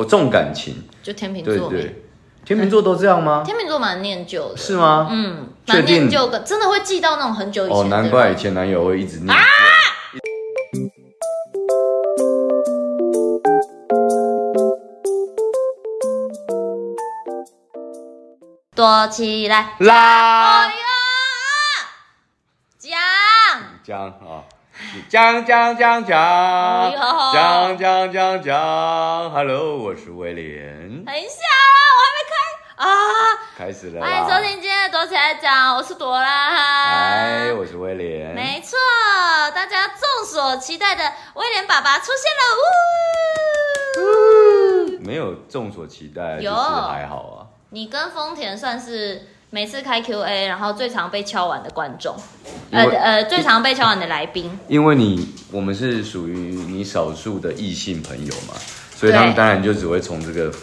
我重感情，就天秤座。對對，天秤座都這樣嗎？天秤座蠻念舊的。是嗎？嗯，蠻念舊的，的。真的會記到那種很久以前。哦，難怪以前男友會一直念啊。躲起來啦！講講！鏘鏘鏘鏘，鏘鏘鏘鏘，Hello，我是威廉。等一下，我還沒開啊，開始了。哎，歡迎收聽今天的躲起來講，我是朵拉。哎，我是威廉。沒錯，大家眾所期待的威廉爸爸出現了。嗚，沒有眾所期待有，就是還好啊。你跟豐田算是？每次開 Q A，然後最常被敲碗的觀眾，呃呃，最常被敲碗的來賓，因為你我們是屬於你少數的異性朋友嘛，所以他們當然就只會從這個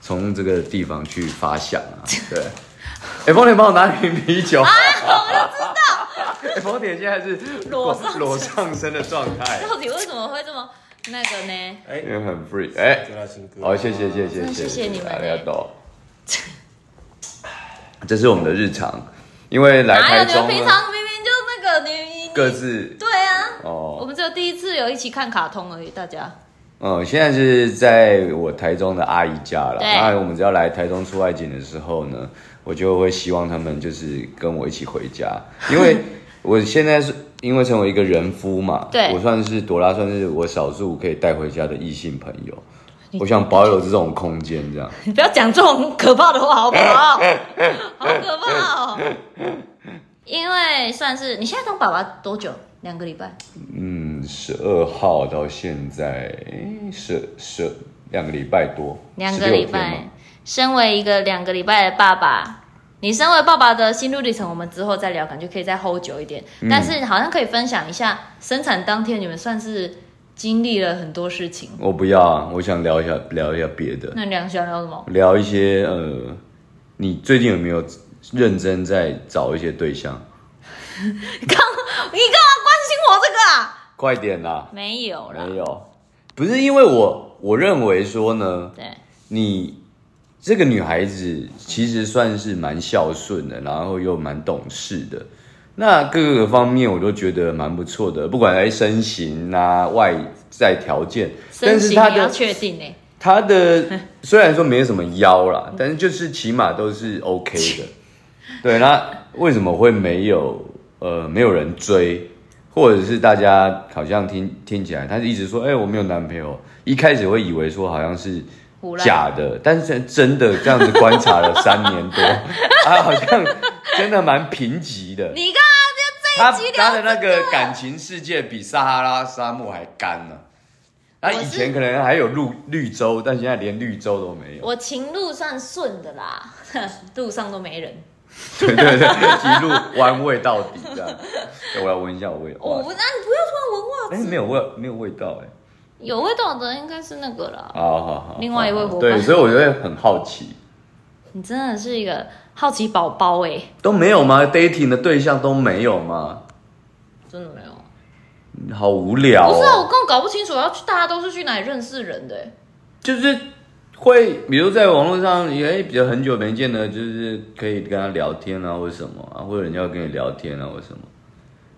從這個地方去發響啊，對。哎、 欸，豐田幫我拿一瓶啤酒啊， 我就知道。哎、欸，豐田現在是裸上裸上身的狀態，到底為什麼會這麼那個呢？哎、欸，因為很 free，哎、欸啊，好，謝謝謝謝謝謝，謝謝你們、欸，大家 這是我們的日常，因為來台中，平常明明就那個你，你，各自對啊，哦，我們只有第一次有一起看卡通而已，大家。嗯，現在是在我台中的阿姨家了。對，然後我們只要來台中出外景的時候呢，我就會希望他們就是跟我一起回家，因為我現在是 因為成為一個人夫嘛，對，我算是朵拉，算是我少數可以帶回家的異性朋友。我想保有這種空間，這樣。你 不要講這種可怕的話，好不好、哦？ 好可怕哦！因為算是你現在當爸爸多久？兩個禮拜。嗯，十二號到現在，是，是，兩個禮拜多。兩個禮拜。身為一個兩個禮拜的爸爸，你身為爸爸的心路歷程，我們之後再聊，感覺可以再 hold 久一點、嗯。但是好像可以分享一下生產當天，你們算是。經歷了很多事情，我不要啊！我想聊一下，聊一下別的。那你想聊，聊什麼？聊一些呃，你最近有沒有認真在找一些對象？你幹， 你幹嘛關心我這個啊？快點啦！沒有啦。沒有。不是因為我，我認為說呢，對你這個女孩子，其實算是蠻孝順的，然後又蠻懂事的。那各個方面我都覺得蠻不錯的，不管在身形啊、外在條件，但是他的、身形，你要確定欸、他的雖然說沒有什麼腰啦，但是就是起碼都是 OK 的。 對，那為什麼會沒有呃沒有人追，或者是大家好像聽聽起來，他是一直說哎、欸、我沒有男朋友，一開始會以為說好像是假的、的，但是真的這樣子觀察了三年多，他、 啊、好像真的蠻貧瘠的。你剛。他他的那個感情世界比撒哈拉沙漠還乾呢、啊，他以前可能還有綠綠洲，但現在連綠洲都沒有。我情路算順的啦，路上都沒人。 對對對，一路玩味到底這樣。對我要聞一下我味。我那、啊、你不要亂聞襪子、欸。沒有味，沒有味道哎、欸。有味道的應該是那個啦。好好好，另外一位夥伴。對，所以我會很好奇。你真的是一個。好奇寶寶哎，都沒有嗎？dating 的對象都沒有嗎？真的沒有，好無聊啊。不是啊，我根本搞不清楚，要去大家都是去哪裡認識人的欸？就是會，比如在網絡上，哎，比較很久沒見的，就是可以跟他聊天啊，或什麼啊，或者人家跟你聊天啊，或什麼。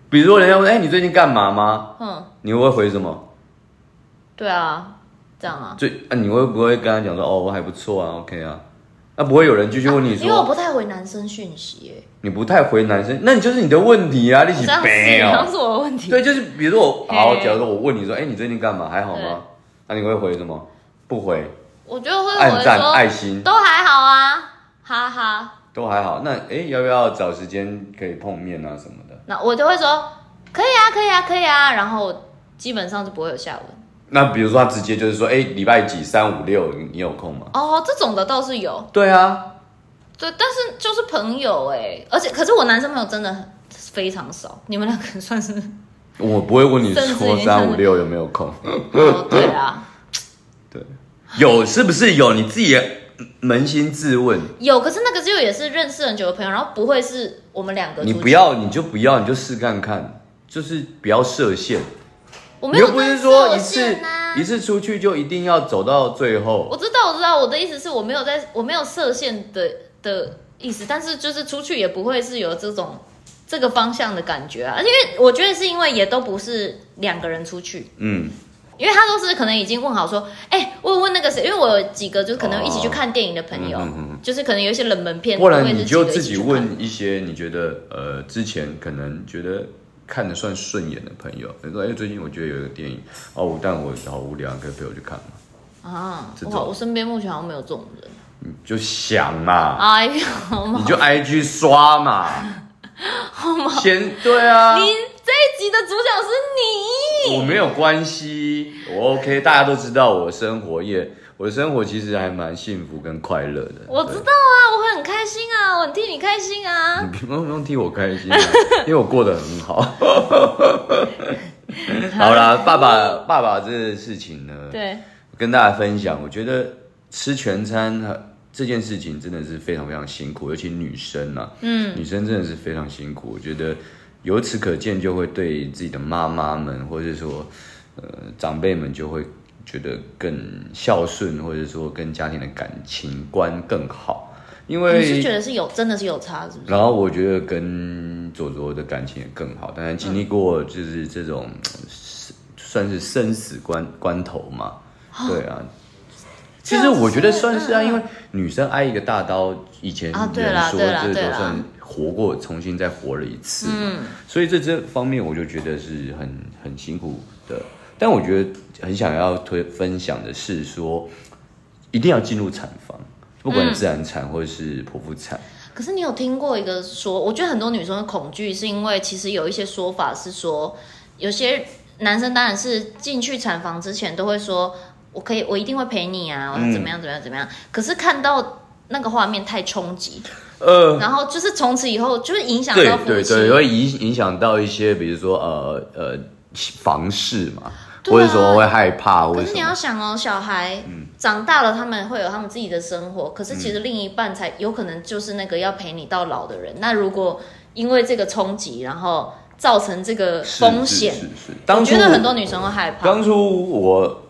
比如說人家問：“哎，你最近幹嘛嗎？”嗯，你會不會回什麼？對啊，這樣啊？最啊，你會不會跟他講說：“哦，我還不錯啊，OK 啊。”那、啊、不會有人繼續問你說、啊，因為我不太回男生訊息誒、欸。你不太回男生，嗯、那你就是你的問題啊！喔、你是的、喔、這樣，是我的問題。對，就是比如說我，我，好，假如說我問你說，哎、欸，你最近幹嘛？還好嗎？那、啊、你會回什麼？不回。我覺得會按讚愛心。都還好啊，哈哈。都還好。那哎、欸，要不要找時間可以碰面啊什麼的？那我就會說可以啊，可以啊，可以啊。然後基本上就不會有下文。那比如說他直接就是說，哎，禮拜幾三五六，你有空嗎？哦，這種的倒是有。對啊，對，但是就是朋友哎，而且可是我男生朋友真的非常少，你們兩個算是。我不會問你說三五六有沒有空。哦，對啊，對，有是不是有？你自己也捫心自問。 有，可是那個只有也是認識很久的朋友，然後不會是我們兩個。你不要，你就不要，你就試看看，就是不要設限。我沒有，啊，又不是說一次一次出去就一定要走到最後我。我知道，我知道，我的意思是我沒有在我沒有設限的的意思，但是就是出去也不會是有這種這個方向的感覺啊，因為我覺得是因為也都不是兩個人出去，嗯，因為他都是可能已經問好說，哎、欸，問問那個誰，因為我有幾個就是可能一起去看電影的朋友，哦、嗯嗯嗯，就是可能有一些冷門片，或者你就自己問一些你覺得呃之前可能覺得。看得算順眼的朋友，你、欸、說，最近我覺得有一個電影哦，但我好無聊，可以陪我去看嗎？啊，我身邊目前好像沒有這種人，你就想嘛，哎、啊、呀，你就 IG 刷嘛，好 嘛，先對啊，您這一集的主角是你，我沒有關係，我 OK，大家都知道我生活也。我的生活其實還蠻幸福跟快樂的。我知道啊，我很開心啊，我很替你開心啊。你不用不用替我開心啊， 因為我過得很好。 好啦， 爸爸爸爸這件事情呢，對，跟大家分享，我覺得吃全餐這件事情真的是非常非常辛苦，尤其女生啊，嗯，女生真的是非常辛苦。我覺得由此可見，就會對自己的媽媽們，或者說呃長輩們，就會。覺得更孝順，或者說跟家庭的感情觀更好，因為你是覺得是有，真的是有差，是不是？然後我覺得跟卓卓的感情也更好，當然經歷過就是這種、嗯、算是生死關關頭嘛，對啊。其實我覺得算是啊，是嗯、啊因為女生挨一個大刀，以前人說、啊、對對對，這都算活過，重新再活了一次，嗯，所以在這方面我就覺得是很很辛苦的。但我覺得很想要推分享的是說，一定要進入產房，不管自然產或是剖腹產，嗯。可是你有聽過一個說，我覺得很多女生的恐懼是因為其實有一些說法是說，有些男生當然是進去產房之前都會說，我可以，我一定會陪你啊，我怎麼樣、嗯、怎麼樣怎麼樣。可是看到那個畫面太衝擊，呃，然後就是從此以後就是影響到，對對對，會影影響到一些比如說呃呃房事嘛。啊、為什麼會害怕？可是你要想哦，小孩長大了，他們會有他們自己的生活、嗯。可是其實另一半才有可能就是那個要陪你到老的人。嗯、那如果因為這個衝擊，然後造成這個風險，是是。是是當你覺得很多女生會害怕。當初我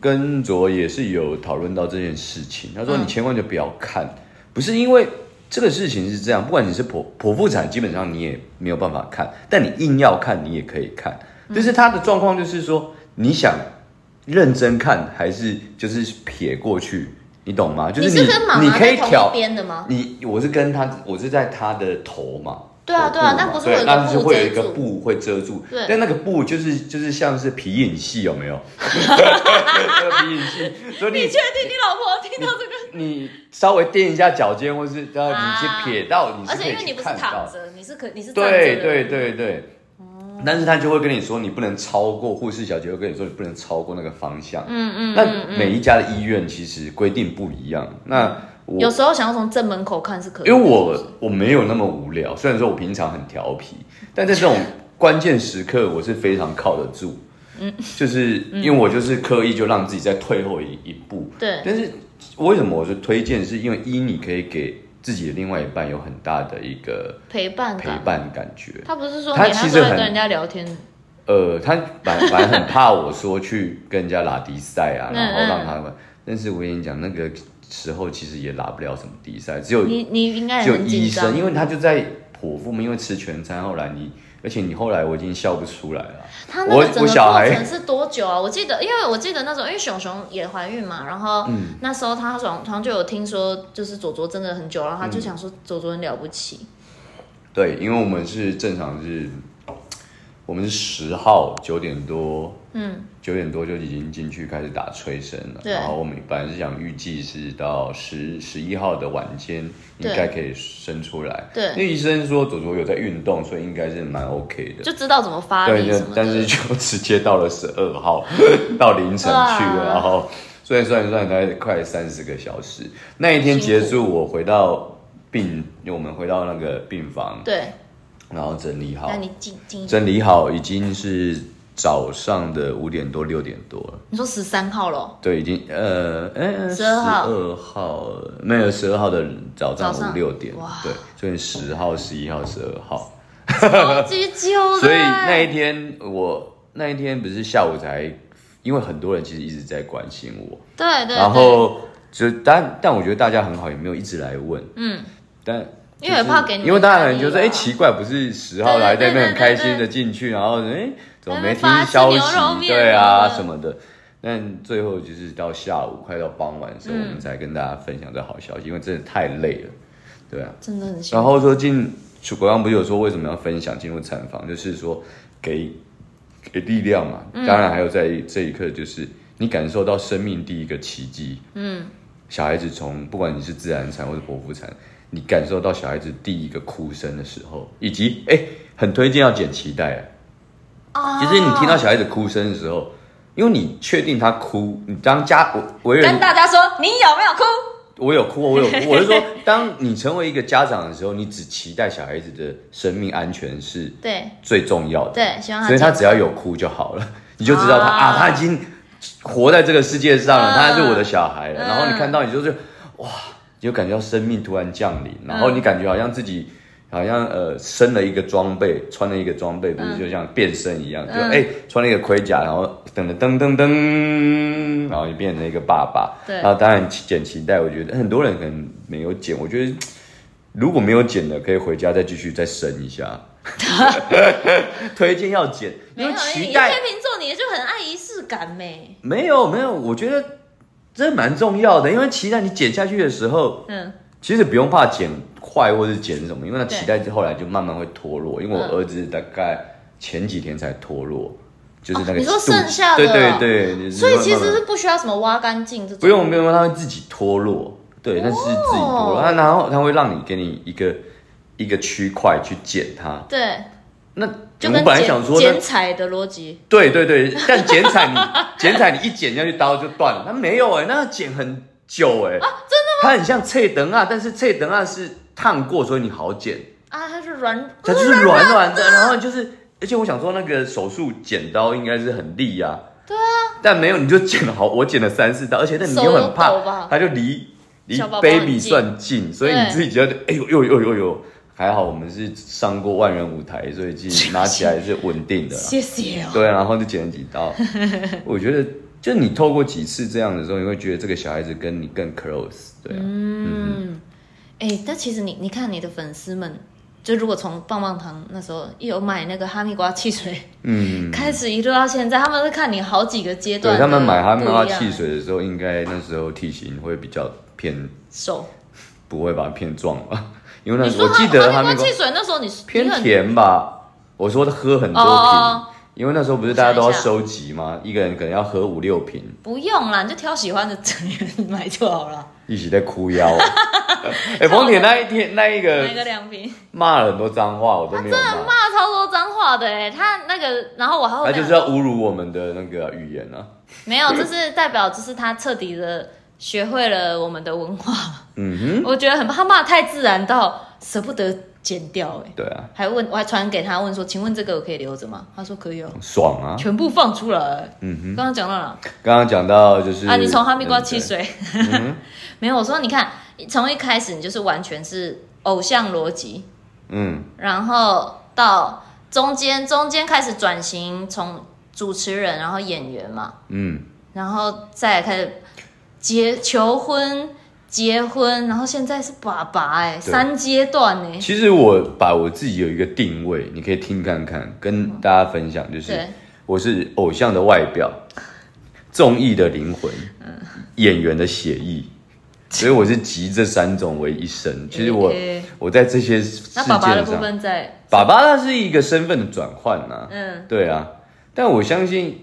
跟卓也是有討論到這件事情，他說：“你千萬就不要看、嗯，不是因為這個事情是這樣，不管你是剖剖腹產，基本上你也沒有辦法看。但你硬要看，你也可以看。嗯、但是他的狀況就是說。”你想認真看還是就是撇過去？你懂嗎？就是你，你可以挑邊的嗎？你我是跟他，我是在他的頭嘛。對啊，對啊，那不是會對，那就是會有一個布會遮住。對，但那個布就是就是像是皮影戲，有沒有？ 皮影戲。所以你確定你老婆聽到這個？你，你稍微踮一下腳尖，或是讓、啊、你先撇到，你是可以看到。而且因為你不是躺着，你是可你是站着。對對對對。但是他就會跟你說，你不能超過，護士小姐會跟你說，你不能超過那個方向。嗯嗯，嗯。那每一家的醫院其實規定不一樣。那我有時候想要從正門口看是可以。因為我是是我沒有那麼無聊，雖然說我平常很調皮，但在這種關鍵時刻我是非常靠得住。嗯。 就是因為我就是刻意就讓自己再退後一一步。對。但是為什麼我是推薦？是因為一你可以給。自己的另外一半有很大的一個陪伴陪伴感覺。他不是說他其實很跟人家聊天，呃，他反反正很怕我說去跟人家拉低賽啊，然後讓他們。但是我跟你講那個時候其實也拉不了什麼低賽，只有你你應該因為他就在剖腹嘛，因為吃全餐。後來你。而且你後來我已經笑不出來了。他那個整個過程是多久啊？我記得，因為我記得那時候，因為熊熊也懷孕嘛，然後、嗯、那時候他好像好像就有聽說，就是卓卓真的很久，然後他就想說卓卓很了不起，嗯。對，因為我們是正常是。我們是十號九點多，嗯，九點多就已經進去開始打催生了。對，然後我們本來是想預計是到十十一號的晚間應該可以生出來。對，那醫生說，卓卓有在運動，所以應該是蠻 OK 的，就知道怎麼發力什麼的。對，就但是就直接到了十二號 到凌晨去了、啊，然後所以算一算大概快三十個小時、嗯。那一天結束，我回到病，我們回到那個病房。對。然後整理好，整理好已經是早上的五點多六點多了。你說十三號咯？對，已經呃，嗯，十二號，號沒有，十二號的早上五六點，對，所以十號、十一號、十二號，好激 所以那一天我那一天不是下午才，因為很多人其實一直在關心我，對對，然後就但但我覺得大家很好，也沒有一直來問，嗯，但。就是、因為怕給你，因為他可能覺得哎奇怪，不是十號來，在那很開心的進去，然後哎、欸、怎麼沒聽消息？對啊，什麼的。但最後就是到下午快到傍晚的時候，我們才跟大家分享這好消息，因為真的太累了，對啊。真的很。然後說，進楚國剛不是有說為什麼要分享進入產房？就是說，給給力量嘛。當然還有在這一刻，就是你感受到生命第一個奇蹟。嗯。小孩子從不管你是自然產或者剖腹產。你感受到小孩子第一個哭聲的時候，以及、欸、很推薦要剪臍帶、啊、其實你聽到小孩子哭聲的時候，因為你確定他哭，你當家我，我跟大家說，你有沒有哭？我有哭，我有哭。 我是說，當你成為一個家長的時候，你只期待小孩子的生命安全是最重要的。所以他只要有哭就好了，你就知道他啊，啊，他已經活在這個世界上了，嗯、他還是我的小孩了。嗯、然後你看到，你就得、是、哇。就感覺到生命突然降臨，然後你感覺好像自己、嗯、好像呃生了一個裝備，穿了一個裝備、嗯，不是就像變身一樣，就哎、嗯欸、穿了一個盔甲，然後等着噔噔，噔噔噔，然後就變成了一個爸爸。對，然後當然剪臍帶，我覺得很多人可能沒有剪，我覺得如果沒有剪的，可以回家再繼續再生一下。嗯、 推薦要剪，沒有要因為天秤座你就很愛儀式感，沒沒有沒有，我覺得。這蠻重要的，因為臍帶你剪下去的時候，嗯，其實不用怕剪壞或者是剪什麼，因為那臍帶之後來就慢慢會脫落。因為我兒子大概前幾天才脫落、嗯，就是那個、啊、你說剩下的、啊，對對對，所以其實是不需要什麼挖乾淨，這不用不用，他會自己脫落，對，那、哦、是自己脫落，然後他會讓你給你一個一個區塊去剪它，對，那。我們本來想說剪彩的邏輯，對對對，但剪彩你 剪彩你一剪下去刀就斷了，它沒有哎、欸，那剪很久哎、欸，啊，真的嗎？它很像翠燈啊，但是翠燈啊是燙過，所以你好剪啊，它是軟，它就是軟軟的、嗯，然後就是，而且我想說那個手術剪刀應該是很利啊。對啊，但沒有你就剪了好，我剪了三四刀，而且那你又很怕，它就離離 baby 近算近，所以你自己覺得哎呦，呦呦呦呦。呦呦呦還好我們是上過萬人舞台，所以其實拿起來是穩定的。謝謝、喔。對，然後就剪了幾刀。我覺得，就你透過幾次這樣的時候，你會覺得這個小孩子跟你更 close。對、啊。嗯。哎，但其實你你看你的粉絲們，就如果從棒棒堂那時候一有買那個哈密瓜汽水，嗯，開始一路到現在，他們是看你好幾個階段。嗯、他們買哈密瓜汽水的時候，應該那時候體型會比較偏瘦，不會吧，偏壯吧。因為那我記得他們汽水,水那時候你是偏甜吧？我說他喝很多瓶哦哦，因為那時候不是大家都要收集嘛，一個人可能要喝五六瓶。不用啦，你就挑喜歡的成員買就好了。一起在哭腰、啊，哎、 欸，黃鐵、欸、那一天那一個,個罵了很多髒話，我都沒有。他真的罵了超多髒話的哎，他那個然後我還有就是要侮辱我們的那個語言啊，沒有，這是代表就是他徹底的。學會了我們的文化，嗯哼，我覺得很怕，他罵得太自然到捨不得剪掉、欸，哎，對啊，還問我還傳給他問說，請問這個我可以留着嗎？他說可以哦、喔，爽啊，全部放出來、欸，嗯哼，剛剛講到哪？剛剛講到就是啊，你從哈密瓜汽水、 嗯，沒有，我說你看從一開始你就是完全是偶像邏輯，嗯，然後到中間中間開始轉型，從主持人然後演員嘛，嗯，然後再來開始，結求婚結婚，然後現在是爸爸哎、欸，三階段哎、欸。其實我把我自己有一個定位，你可以聽看看，跟大家分享，就是我是偶像的外表，綜藝的靈魂，演員的血液，所以我是集這三種為一身。 其實我我在這些事件上那爸爸的部分在，爸爸他是一個身份的轉換呢、啊。嗯，對啊，但我相信。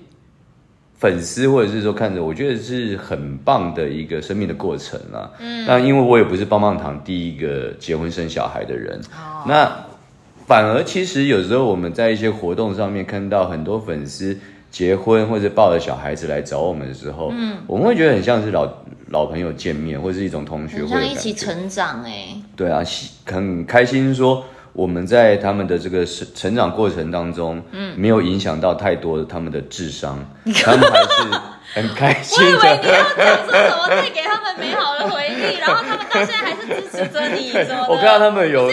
粉絲或者是說看着，我覺得是很棒的一個生命的過程啊，嗯，那因為我也不是棒棒堂第一個結婚生小孩的人，嗯、那反而其實有時候我們在一些活動上面看到很多粉絲結婚或者抱着小孩子來找我們的時候，嗯，我們會覺得很像是老老朋友見面，或是一種同學會，像一起成長哎、欸。對啊，很開心說。我們在他們的這個成成長過程當中，沒有影響到太多的他們的智商，嗯， 他們還是很開心的。我以為你要講說什麼？ 可以給他們美好的回憶，然後他們到現在還是支持着你，我看到他們有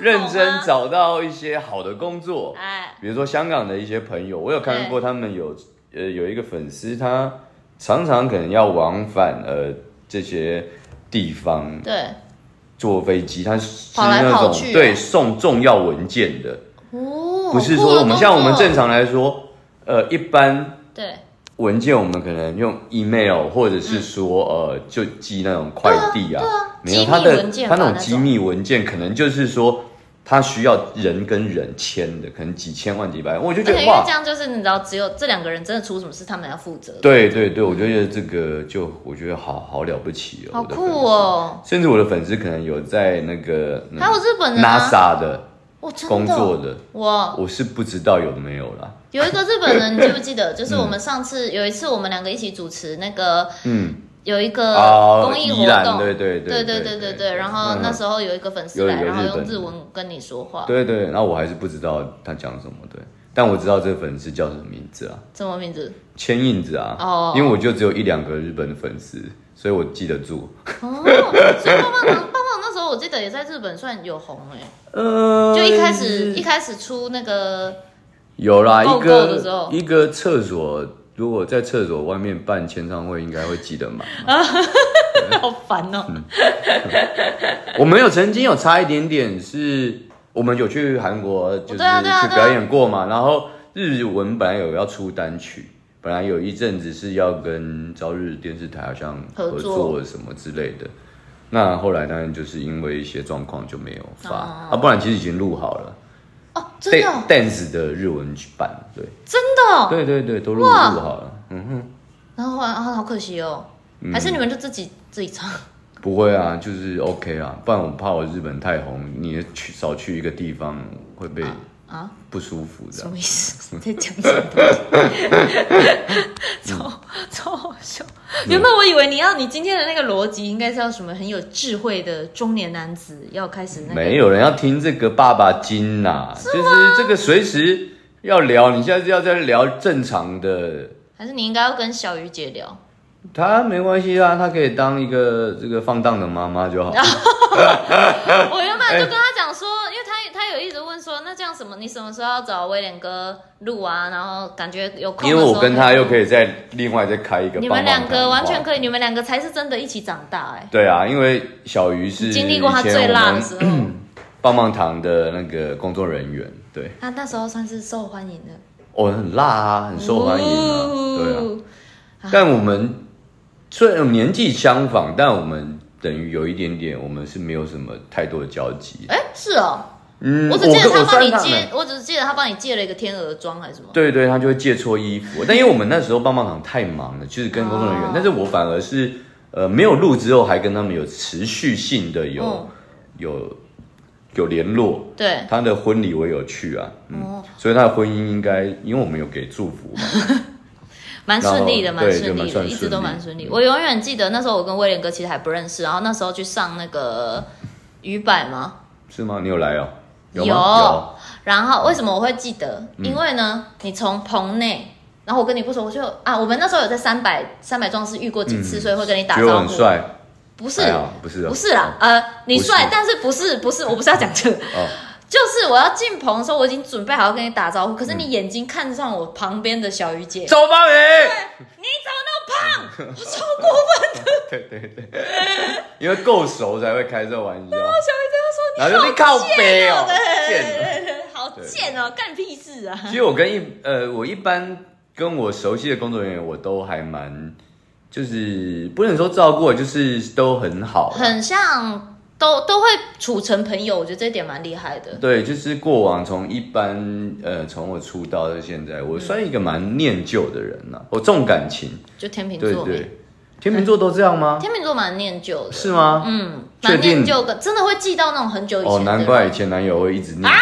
認真找到一些好的工作，哎，比如說香港的一些朋友，我有看過他們有，呃，有一個粉絲他常常可能要往返，呃，這些地方，對。坐飛機，它是那種跑來跑去、啊、對送重要文件的，哦、不是說、哦、我們像我們正常來說，哦、呃，一般對文件，我們可能用 email 或者是說呃，就寄那種快遞啊、嗯，沒有它的，它那種機密文件可能就是說。他需要人跟人簽的，可能幾千萬、幾百萬，我就覺得 okay, 因為這樣就是你知道，只有這兩個人真的出了什麼事，他們要負責的。對對對，我就覺得這個就我覺得好好了不起哦，好酷哦！甚至我的粉絲可能有在那個、嗯、還有日本人 NASA 的工作的，我、oh, wow. 我是不知道有沒有啦。有一個日本人，你記不記得？ 就是我們上次有一次，我們兩個一起主持那個嗯。有一個公益活動，呃、對對對對對對，對然後，然後那時候有一個粉絲來，然後用日文跟你說話。對對，對,那我還是不知道他講什麼，對。但我知道這個粉絲叫什麼名字啊？什麼名字？千印子啊！哦，因為我就只有一兩個日本的粉絲，所以我記得住。哦，棒棒糖，棒棒糖，那時候我記得也在日本算有紅哎、欸。呃，就一開始一開始出那個有啦，廣告的時候一個一個廁所。如果在廁所外面辦簽唱會，應該會記得嗎啊， 好煩哦、喔！嗯、 我們有曾經有差一點點，是我們有去韓國就是去表演過嘛。然後日文本來有要出單曲，本來有一陣子是要跟朝日電視台好像合作什麼之類的。那後來當然就是因為一些狀況就沒有發、哦、啊，不然其實已經錄好了。哦，真的、哦、da，dance 的日文版，對，真的、哦，對對對，都錄好了，嗯哼。然後後來啊，好可惜哦、嗯，還是你們就自己自己唱。不會啊，就是 OK 啊，不然我怕我日本太紅，你也去少去一個地方會被啊。啊不舒服的。什麼意思？你在講什麼？超超好笑，嗯！原本我以為你要你今天的那個邏輯應該是要什麼很有智慧的中年男子要開始、那個。沒有人要聽這個爸爸經吶，其實、就是、這個隨時要聊。你現在是要在聊正常的，還是你應該要跟小魚姐聊？她沒關係啊，她可以當一個這個放蕩的媽媽就好。 我原本就跟她講說。欸一直問說，那這樣什麼？你什麼時候要找威廉哥錄啊？然後感覺有空可。因為我跟他又可以再另外再開一個棒棒堂。你們兩個完全可以，你們兩個才是真的一起長大哎、欸。對啊，因為小魚是經歷過他最辣的棒棒堂的那個工作人員，對。他、啊、那時候算是受歡迎的。哦，很辣啊，很受歡迎啊，哦、對啊，啊。但我們雖然年紀相仿，但我們等於有一點點，我們是沒有什麼太多的交集。哎，是哦。嗯，我只記得他幫你借，我只是記得他幫你借了一個天鵝裝還是什麼？對對、對，他就會借錯衣服。但因為我們那時候棒棒糖太忙了，就是跟工作人員。哦、但是我反而是，呃，沒有錄之後還跟他們有持續性的有、嗯、有有聯絡。對，他的婚禮我有去啊，嗯、哦，所以他的婚姻應該因為我們有給祝福嘛，蠻 順利的，蠻順利、利的，一直都蠻順利，嗯。我永遠記得那時候我跟威廉哥其實還不認識，然後那時候去上那個魚擺嗎？是嗎？你有來哦。有、有、有，然後為什麼我會記得？嗯、因為呢，你從棚內，然後我跟你不熟，我就啊，我們那時候有在三百三百壯士遇過幾次、嗯，所以會跟你打招呼。很帥，不是，不是，不是啦，呃，你帥，但是不是，不是，我不是要講這個。嗯、哦就是我要進棚的時候，我已經準備好要跟你打招呼，可是你眼睛看上我旁邊的小魚姐周吧。你、嗯、 你怎麼那麼胖？我超過分的， 對對對，因為夠熟才會開這玩笑。 小魚姐她說，說你好賤哦、喔，好賤哦、喔，好賤哦、喔，幹屁事啊！其實我跟一呃，我一般跟我熟悉的工作人員，我都還蠻，就是不能說照顧，就是都很好，很像。都都會處成朋友，我覺得這一點蠻厲害的。對，就是過往從一般呃，從我出道到現在，我算一個蠻念舊的人了、啊。我重感情，嗯、就天秤座對。對對，天秤座都這樣嗎？天秤座蠻念舊的，是嗎？嗯，蠻念舊的，真的會記到那種很久以前。哦，難怪以前男友會一直念。啊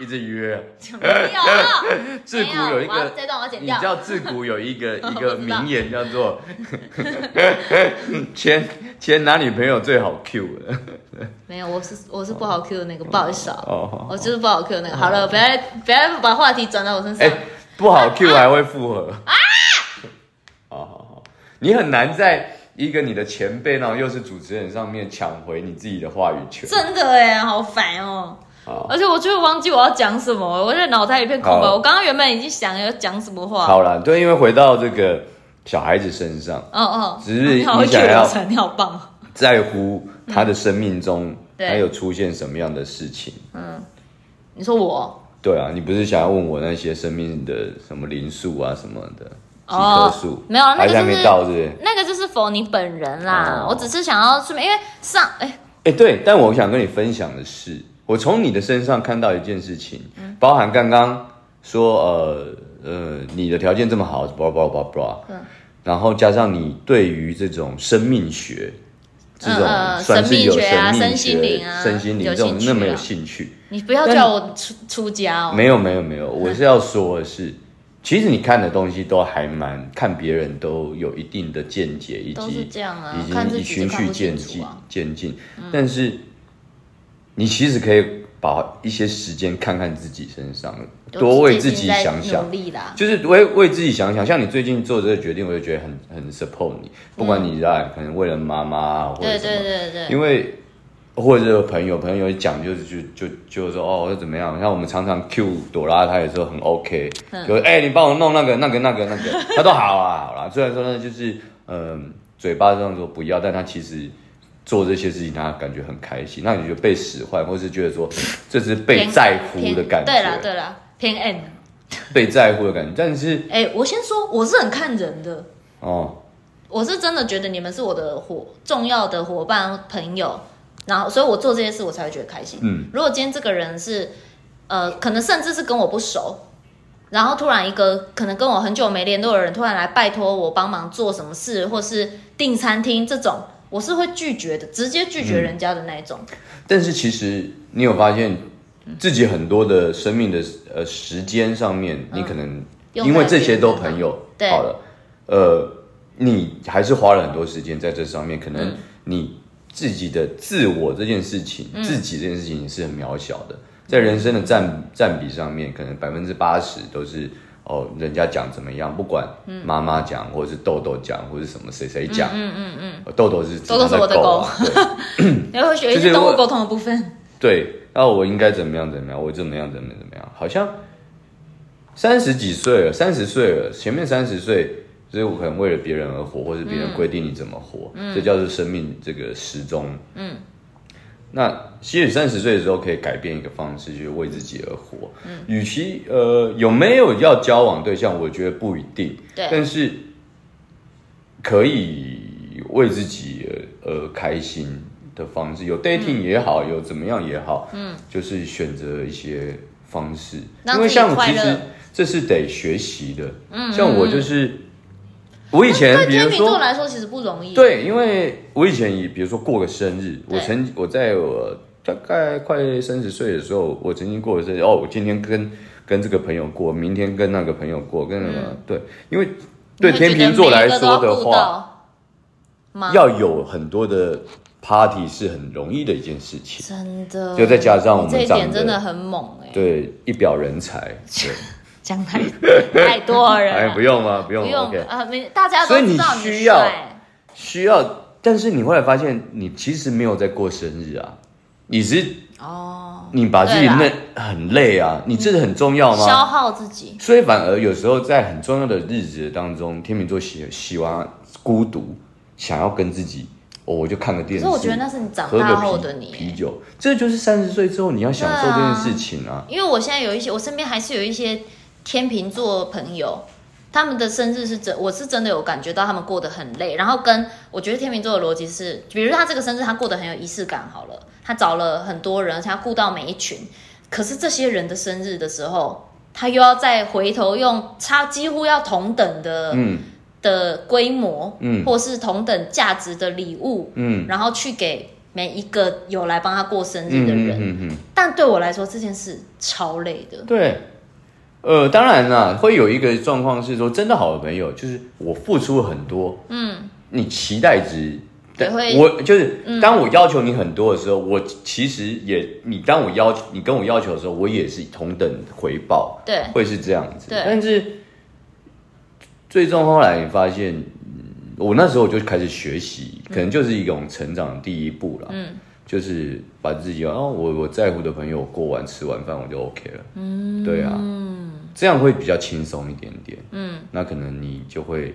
一直約、啊，沒有。 自古有一個有，你知道自古有一個 一個名言叫做“ 前前男女朋友最好 Q 的。” 沒有，我是我是不好 Q 的那個，oh, 不好意思啊。哦、oh,，我就是不好 Q 的那個。Oh, 好了，不要不要把話題轉到我身上。欸、不好 Q 還會復合？啊！好好好， oh, oh, oh. 你很難在一個你的前輩，然後又是主持人上面搶回你自己的話語權。真的哎，好煩哦。而且我就會忘記我要講什麼，我這腦袋一片空白。我剛剛原本已經想要講什麼話。好了，對，因為回到這個小孩子身上，哦哦，只是、哦、你，好你想要在乎他的生命中，還有出現什麼樣的事情嗯。嗯，你說我？對啊，你不是想要問我那些生命的什麼靈數啊什麼的幾棵樹、哦？沒有、啊，那個是，還沒到是，不是那個就是 for 你本人啦、哦。我只是想要順便，因為上哎哎、欸欸、對，但我想跟你分享的是。我從你的身上看到一件事情，嗯、包含剛剛說呃呃你的條件這麼好，bra bra bra bra，然後加上你對於這種生命學，這、嗯、種、呃、算是有生命學、身心靈啊，身心靈啊身心靈這種有興趣，、啊、有興趣，你不要叫我出出家哦。沒有沒有沒有、嗯，我是要說的是，其實你看的東西都還蠻看別人都有一定的見解以及，啊、以及已經已經循序漸進漸進，但是。你其實可以把一些時間看看自己身上，多為自己想想，就是為為自己想想。像你最近做這個決定，我就覺得很很 support 你。不管你在、嗯、可能為了媽媽，或者什麼，對對對，因為或者是有朋友朋友一講、就是，就是就就就說哦，要怎麼樣？像我們常常 Q 朵拉，她也說很 OK，、嗯、就說哎、欸，你幫我弄那個那個那個那個，她、那個那個、都好啊好啦。雖然說呢，就是嗯、呃，嘴巴上說不要，但他其實，做這些事情，他感覺很開心。那你就被使喚，或是覺得說這是被在乎的感覺。對啦，對啦，偏 N，被在乎的感覺。但是，哎、欸，我先說，我是很看人的。哦，我是真的覺得你們是我的夥重要的夥伴朋友。然後，所以我做這些事，我才會覺得開心。嗯，如果今天這個人是，呃，可能甚至是跟我不熟，然後突然一個可能跟我很久沒聯絡的人，突然來拜託我幫忙做什麼事，或是訂餐廳這種。我是會拒絕的，直接拒絕人家的那一種。嗯、但是其實你有發現自己很多的生命的呃時間上面、嗯，你可能因為這些都朋友對。好了，呃，你還是花了很多時間在這上面。可能你自己的自我這件事情，嗯、自己這件事情是很渺小的，在人生的占占比上面，可能百分之八十都是，哦，人家講怎麼樣，不管媽媽講，或者是豆豆講，或是什麼誰誰講，嗯嗯嗯，嗯，豆豆是 go, 豆豆是我的狗，哈哈，要學一些動物溝通的部分。對，那 我，我應該怎麼樣怎麼樣？我怎麼樣怎麼怎麼樣？好像三十幾歲了，三十歲了，前面三十歲，所以我可能為了別人而活，或者別人規定你怎麼活，嗯嗯，這叫做生命這個時鐘，嗯。那其實三十歲的時候可以改變一個方式，就是為自己而活。嗯，與其呃有沒有要交往對象，我覺得不一定。對，但是可以為自己而，而開心的方式，有 dating 也好，嗯，有怎麼樣也好，嗯，就是選擇一些方式。嗯，因為像我其實這是得學習的。嗯，像我就是。我以前，比如說，對天秤座來說其實不容易。對，因為我以前也，比如說過個生日，我曾我在我大概快三十歲的時候，我曾經過的生日，哦，我今天跟跟這個朋友過，明天跟那個朋友過，跟什麼？嗯、對，因為對天秤座來說的話要，要有很多的 party 是很容易的一件事情，真的。就再加上我們長的這一點真的很猛哎、欸，對，一表人才，對。 來 太多人了，哎，不用嗎？不用，不用，啊，沒，大家都知道你，需要，需要，但是你後來發現，你其實沒有在過生日啊，你是哦，你把自己那很累啊，你這是很重要嗎、嗯？消耗自己，所以反而有時候在很重要的日子當中，天秤座喜喜歡孤獨，想要跟自己、哦，我就看個電視，喝個你。啤酒，這就是三十歲之後你要享受這件事情啊，啊。因為我現在有一些，我身邊還是有一些，天秤座朋友，他們的生日是真，我是真的有感覺到他們過得很累。然後跟我覺得天秤座的邏輯是，比如他這個生日他過得很有儀式感，好了，他找了很多人，而且他顧到每一群。可是這些人的生日的時候，他又要再回頭用差幾乎要同等的、嗯、的規模，嗯，或是同等價值的禮物，嗯，然後去給每一個有來幫他過生日的人。嗯嗯，嗯，嗯，嗯。但對我來說這件事超累的。對。呃，當然啦，會有一個狀況是說，真的好的朋友，就是我付出很多，嗯，你期待值，會我就是，當我要求你很多的時候，嗯，我其實也，你當我要求你跟我要求的時候，我也是同等回報，對，會是這樣子，對但是最終後來你發現，我那時候就開始學習，可能就是一種成長的第一步了，嗯。就是把自己，哦，我我在乎的朋友我過完吃完飯我就 OK 了，嗯，對啊，嗯，這樣會比較輕鬆一點點，嗯，那可能你就會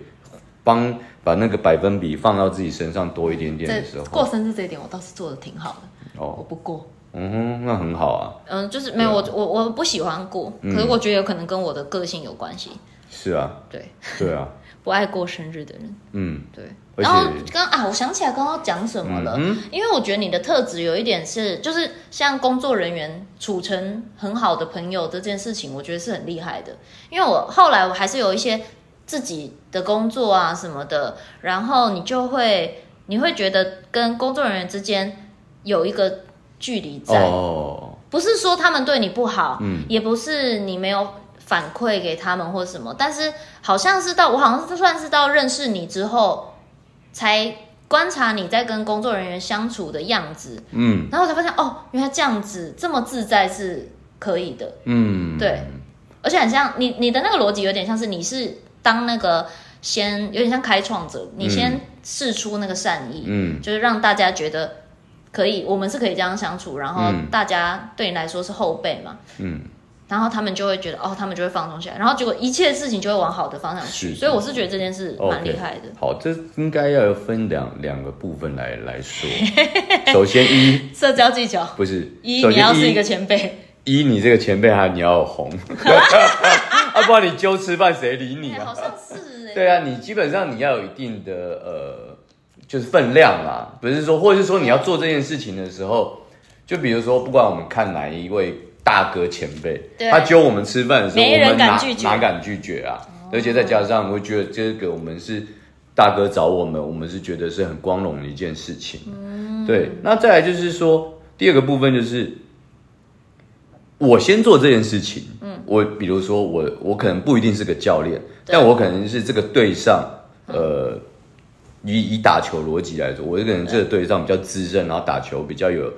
幫把那個百分比放到自己身上多一點點的時候，過生日這一點我倒是做得挺好的，哦，我不過，嗯哼，那很好啊，嗯，就是沒有、啊、我我我不喜歡過，可是我覺得有可能跟我的個性有關係，是、嗯、啊，對，對啊， 不愛過生日的人，嗯，對。然後剛啊，我想起來剛剛講什麼了？嗯嗯。因為我覺得你的特質有一點是，就是像工作人員處成很好的朋友這件事情，我覺得是很厲害的。因為我後來我還是有一些自己的工作啊什麼的，然後你就會你會覺得跟工作人員之間有一個距離在。哦，不是說他們對你不好，嗯，也不是你沒有反饋給他們或什麼，但是好像是到我好像是算是到認識你之後。才觀察你在跟工作人員相處的樣子，嗯，然後才發現哦，原來這樣子這麼自在是可以的，嗯，對，而且很像你，你的那個邏輯有點像是你是當那個先有點像開創者，你先釋出那個善意，嗯，就是讓大家覺得可以，我們是可以這樣相處，然後大家對你來說是後輩嘛，嗯。嗯然後他們就會覺得，哦，他們就會放鬆下來，然後結果一切事情就會往好的方向去，是是。所以我是覺得這件事蠻厲害的。Okay. 好，這應該要有分兩兩個部分來來說。 首先一社交技巧不是一你要是一個前輩，一你這個前輩還你要有紅， 啊不然你揪吃飯誰理你啊？欸、好像是哎、欸，對啊，你基本上你要有一定的呃，就是分量嘛，不是說，或者是說你要做這件事情的時候，就比如說不管我們看哪一位。大哥前輩，他、啊、揪我們吃飯的時候，沒人敢拒絕我們哪，哪敢拒絕啊！嗯、而且再加上，我覺得這個我們是大哥找我們，我們是覺得是很光榮的一件事情、嗯。對。那再來就是說，第二個部分就是我先做這件事情。嗯、我比如說我我可能不一定是個教練，但我可能是這個隊上呃、嗯、以以打球邏輯來說，我可能這個人這個隊上比較資深，然後打球比較有。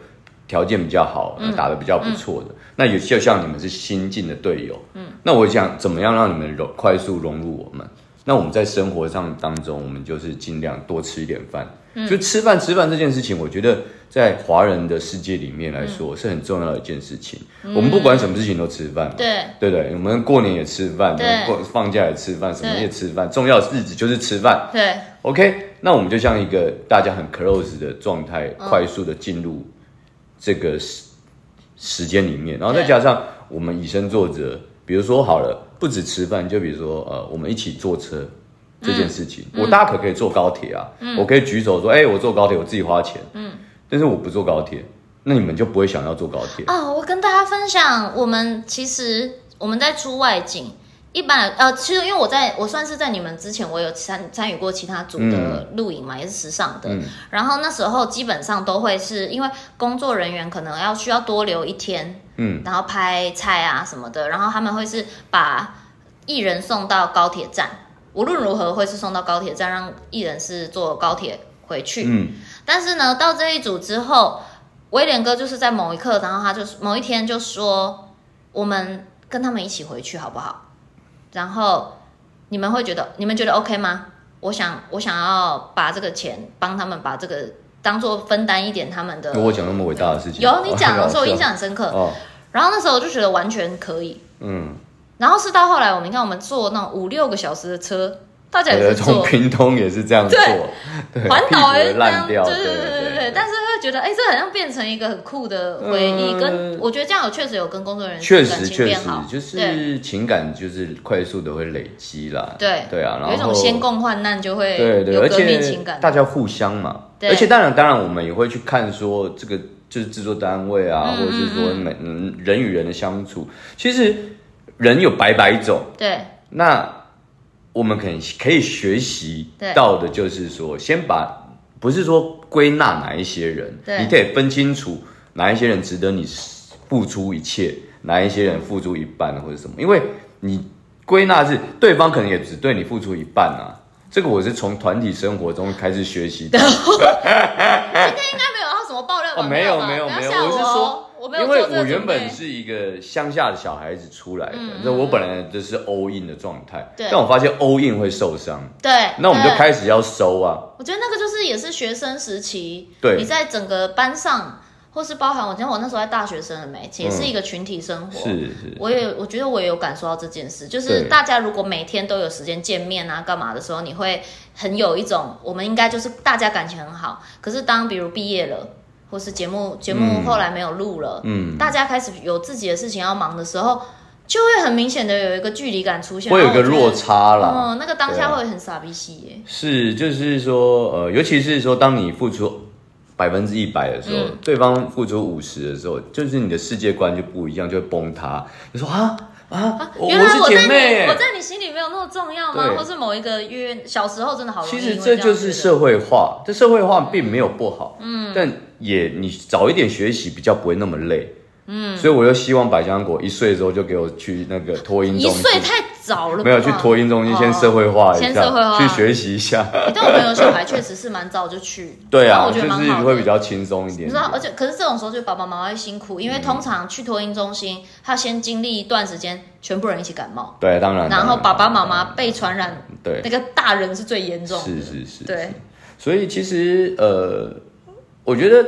條件比較好，打得比較不錯的，嗯嗯、那有就像你們是新進的隊友，嗯，那我想怎麼樣讓你們融快速融入我們？那我們在生活上當中，我們就是盡量多吃一點飯。嗯，就吃飯吃飯這件事情，我覺得在華人的世界裡面來說、嗯、是很重要的一件事情、嗯。我們不管什麼事情都吃飯。對，對，對對，我們過年也吃飯，過放假也吃飯，什麼也吃飯，重要的日子就是吃飯。對，OK，那我們就像一個大家很 close 的狀態、嗯，快速的進入。這個時時間裡面，然後再加上我們以身作則，比如說好了，不止吃飯，就比如說呃，我們一起坐車這件事情，嗯嗯、我大家可可以坐高鐵啊，嗯、我可以舉手說，哎、欸，我坐高鐵，我自己花錢，嗯，但是我不坐高鐵，那你們就不會想要坐高鐵啊、哦。我跟大家分享，我們其實我們在出外景。一般呃，其實因為我在我算是在你們之前，我有參參與過其他組的錄影嘛，嗯，也是時尚的，嗯。然後那時候基本上都會是因為工作人員可能要需要多留一天，嗯，然後拍菜啊什麼的，然後他們會是把藝人送到高鐵站，無論如何會是送到高鐵站，讓藝人是坐高鐵回去。嗯，但是呢，到這一組之後，威廉哥就是在某一刻，然後他就某一天就說，我們跟他們一起回去好不好？然後你們會覺得，你們覺得 OK 嗎？我想，我想要把這個錢幫他們把這個當做分擔一點他們的。如果講那麼偉大的事情。有你講的時候，我印象很深刻、 啊。哦。然後那時候我就覺得完全可以。嗯。然後是到後來，我們你看我們坐那五六個小時的車。大家也是做，從屏東也是這樣做，對，環島也爛掉，就是，對對對對對。但是會覺得，誒、欸、這好像變成一個很酷的回憶。嗯、你跟我覺得這樣有，有確實有跟工作人員，確實確實就是情感，就是快速的會累積啦。對對啊，然後有一種先共患難就會有，對，對對，而且大家互相嘛對。而且當然，當然我們也會去看說這個就是制作單位啊，嗯嗯，或者是說每人與人的相處，其實人有百百種對，那。我們可以可以學習到的就是說，先把不是說歸納哪一些人，對，你得分清楚哪一些人值得你付出一切，哪一些人付出一半或者什麼，因為你歸納是對方可能也只對你付出一半啊。這個我是從團體生活中開始學習的。 今天應該沒有要什麼爆料哦？沒有沒有沒有，我是說。因為我原本是一個鄉下的小孩子出來的，那、嗯嗯嗯、我本來就是 all in 的狀態，但我發現 all in 會受傷，嗯，對，那我們就開始要收啊。我覺得那個就是也是學生時期，對，你在整個班上，或是包含我，像我那時候在大學生了沒，也是一個群體生活，嗯、是是，是，我也，我覺得我也有感受到這件事，就是大家如果每天都有時間見面啊，幹嘛的時候，你會很有一種，我們應該就是大家感情很好，可是當比如畢業了。或是節目節目後來沒有錄了。嗯，嗯，大家開始有自己的事情要忙的時候，就會很明顯的有一個距離感出現，會有一個落差啦，嗯，那個當下會很傻逼兮耶。是，就是說，呃，尤其是說，當你付出百分之一百的時候，嗯，對方付出五十的時候，就是你的世界觀就不一樣，就會崩塌。你說啊？哈啊，原來我在你我，是姐妹我在你心裡沒有那麼重要嗎？或是某一個月小時候真的好？其實，這就是社會化，這社會化並沒有不好，嗯，但也你早一點學習比較不會那麼累，嗯，所以我又希望百香果一歲的時候就給我去那個托嬰中心。一早了，沒有去托嬰中心，先社會化一下，先社會化去學習一下。欸、 但我朋友小孩，確實是蠻早就去。對啊，我覺得蠻好、就是、會比較輕鬆一點、點。你知道，而且可是這種時候，就爸爸媽媽會辛苦、嗯，因為通常去托嬰中心，他先經歷一段時間，全部人一起感冒。對，當然。然後爸爸媽媽被傳染。對、嗯。那個大人是最嚴重的。是是是、是。對。所以其實呃，我覺得。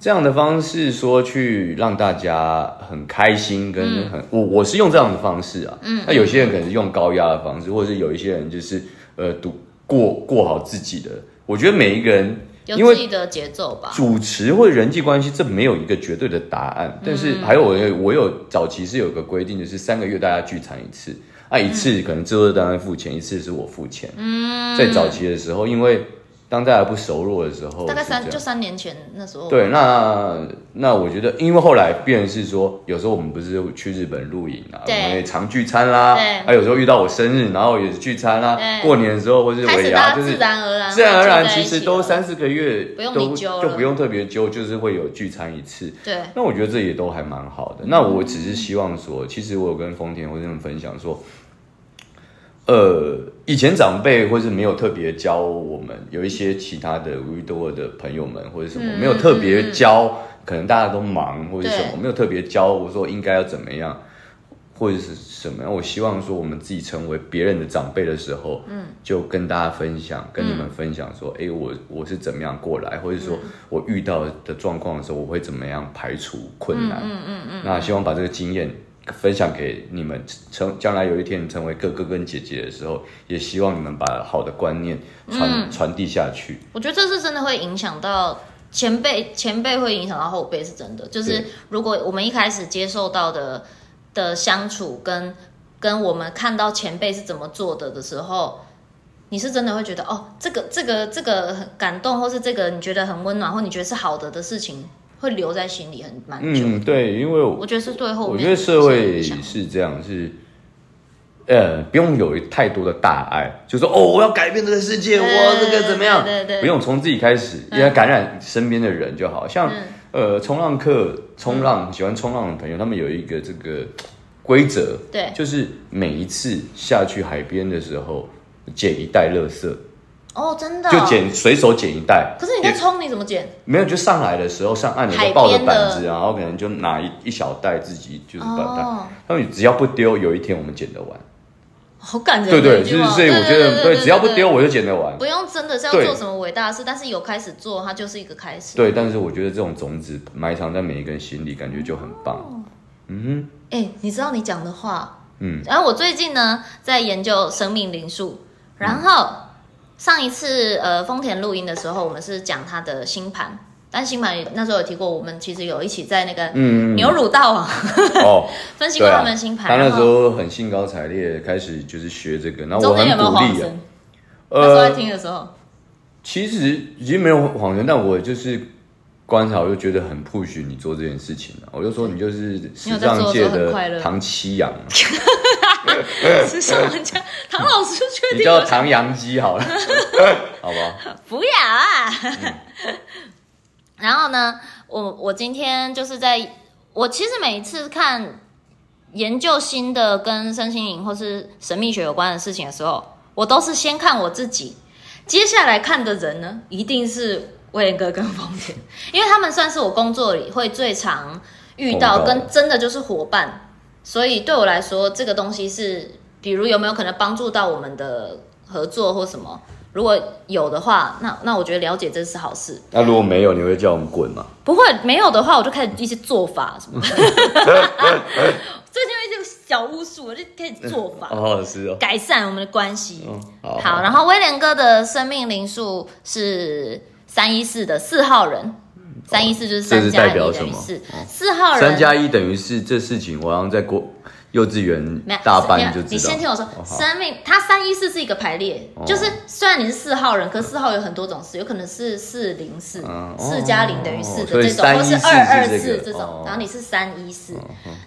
這樣的方式說去讓大家很開心，跟很、嗯、我我是用這樣的方式啊。嗯，那有些人可能是用高壓的方式、嗯，或者是有一些人就是呃，度過過好自己的。我覺得每一個人有自己的節奏吧。主持或人際關係，這沒有一個絕對的答案。嗯、但是還有我，我有，我有早期是有一個規定，就是三個月大家聚餐一次，那、啊、一次可能製作單位付錢、嗯，一次是我付錢。嗯，在早期的時候，因為。當大家不熟絡的時候，大概三就三年前那時候。對，那那我覺得，因為後來變成是說，有時候我們不是去日本露營啊，對，我們也常聚餐啦。還、啊、有時候遇到我生日，然後也是聚餐啦、啊。過年的時候，或是尾牙然然就是自然而然，自然而然，其實都三四個月，不用你揪了，就不用特別揪，就是會有聚餐一次。對。那我覺得這也都還蠻好的。那我只是希望說，嗯、其實我有跟豐田或者他們分享說。呃，以前長輩或是沒有特別教我們，有一些其他的維多的朋友們或者什麼，沒有特別教，可能大家都忙或者什麼，沒有特別教我說應該要怎麼樣或者是什麼。我希望說我們自己成為別人的長輩的時候，就跟大家分享，跟你們分享說，誒、欸，我我是怎麼樣過來，或者說我遇到的狀況的時候，我會怎麼樣排除困難。嗯嗯嗯。那希望把這個經驗。分享給你們，成將來有一天你成為哥哥跟姐姐的時候，也希望你們把好的觀念傳、嗯、傳遞下去。我覺得這是真的會影響到前輩，前輩會影響到後輩，是真的。就是如果我們一開始接受到的的相處跟跟我們看到前輩是怎麼做的的時候，你是真的會覺得哦，這個這個這個感動，或是這個你覺得很溫暖，或你覺得是好的的事情。會留在心裡很滿足，嗯，對，因為我，我覺得是最後。我覺得社會是這樣，像像是，樣是呃，不用有太多的大愛，就是、說哦，我要改變這個世界，我這個怎麼樣？對對，對，不用從自己開始，要感染身邊的人，就好像呃，衝浪客衝浪、嗯，喜歡衝浪的朋友，他們有一個這個規則，對，就是每一次下去海邊的時候，撿一袋垃圾。Oh, 哦，真的就撿隨手撿一袋，可是你在衝你怎麼撿、嗯？沒有，就上來的時候上岸、啊、你就抱着板子，然後可能就拿一一小袋自己就是板袋，oh. 他們只要不丟，有一天我們撿得完。好、oh, 感人，對對,對，就是所以我覺得對,對,對,對,對,對,對,對，只要不丟我就撿得完，不用真的是要做什麼偉大的事，但是有開始做，它就是一個開始。對，但是我覺得這種種子埋藏在每一個人心裡，感覺就很棒。Oh. 嗯哼，哎、欸，你知道你講的話，嗯，然、啊、後我最近呢在研究生命靈數、嗯，然後。上一次呃豐田錄音的時候，我們是講他的星盤，但星盤那時候有提過，我們其實有一起在那個嗯牛乳道啊、嗯哦，分析過他們星盤、啊。他那時候很興高采烈，開始就是學這個，那我我有努力啊。那時候聽的時候，其實已經沒有謊言，但我就是觀察，我就覺得很 push 你做這件事情了、啊。我就說你就是時尚界的唐綺陽。 時尚玩家，唐老師，確定你叫唐陽雞好了， 好不好？不要、啊。嗯、 然後呢，我我今天就是在我其實每一次看研究新的跟身心靈或是神秘學有關的事情的時候，我都是先看我自己，接下來看的人呢，一定是威廉哥跟豐田，因為他們算是我工作裡會最常遇到，跟真的就是夥伴。所以對我來說，這個東西是，比如有沒有可能幫助到我們的合作或什麼？如果有的話，那那我覺得了解這是好事。那、啊、如果沒有，你會叫我們滾嗎？不會，沒有的話，我就開始一些做法 什麼東。 最近有一些小巫術，我就開始做法、嗯。哦，是哦，改善我們的關係、嗯。好，然後威廉哥的生命靈數是三一四的四號人。三一四就是三加一等於四，四號人三加一等於四這事情，好像在過幼稚園大班就知道。你先聽我說，三、哦、為他三一四是一個排列，哦、就是雖然你是四號人，可四號有很多種四，有可能是四零四，四加零等於四的這種，哦是這個、或是二二四這種、哦。然後你是三一四，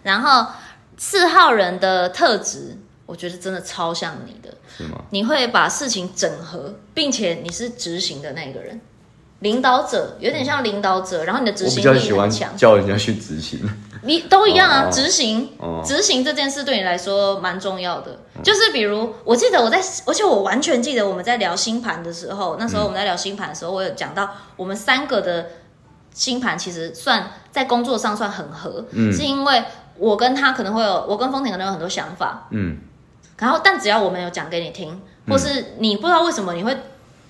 然後四號人的特質，我覺得真的超像你的，是嗎，你會把事情整合，並且你是執行的那個人。領導者有點像領導者，然後你的執行力很強，我比較喜歡叫人家去執行，你都一樣啊。執行、哦，執行、哦這件事對你來說蠻重要的、哦。就是比如，我記得我在，而且我完全記得我們在聊星盤的時候，那時候我們在聊星盤的時候，嗯、我有講到我們三個的星盤其實算在工作上算很合，嗯，是因為我跟他可能會有，我跟豐廷可能會有很多想法，嗯，然後但只要我們有講給你聽，或是你不知道為什麼你會。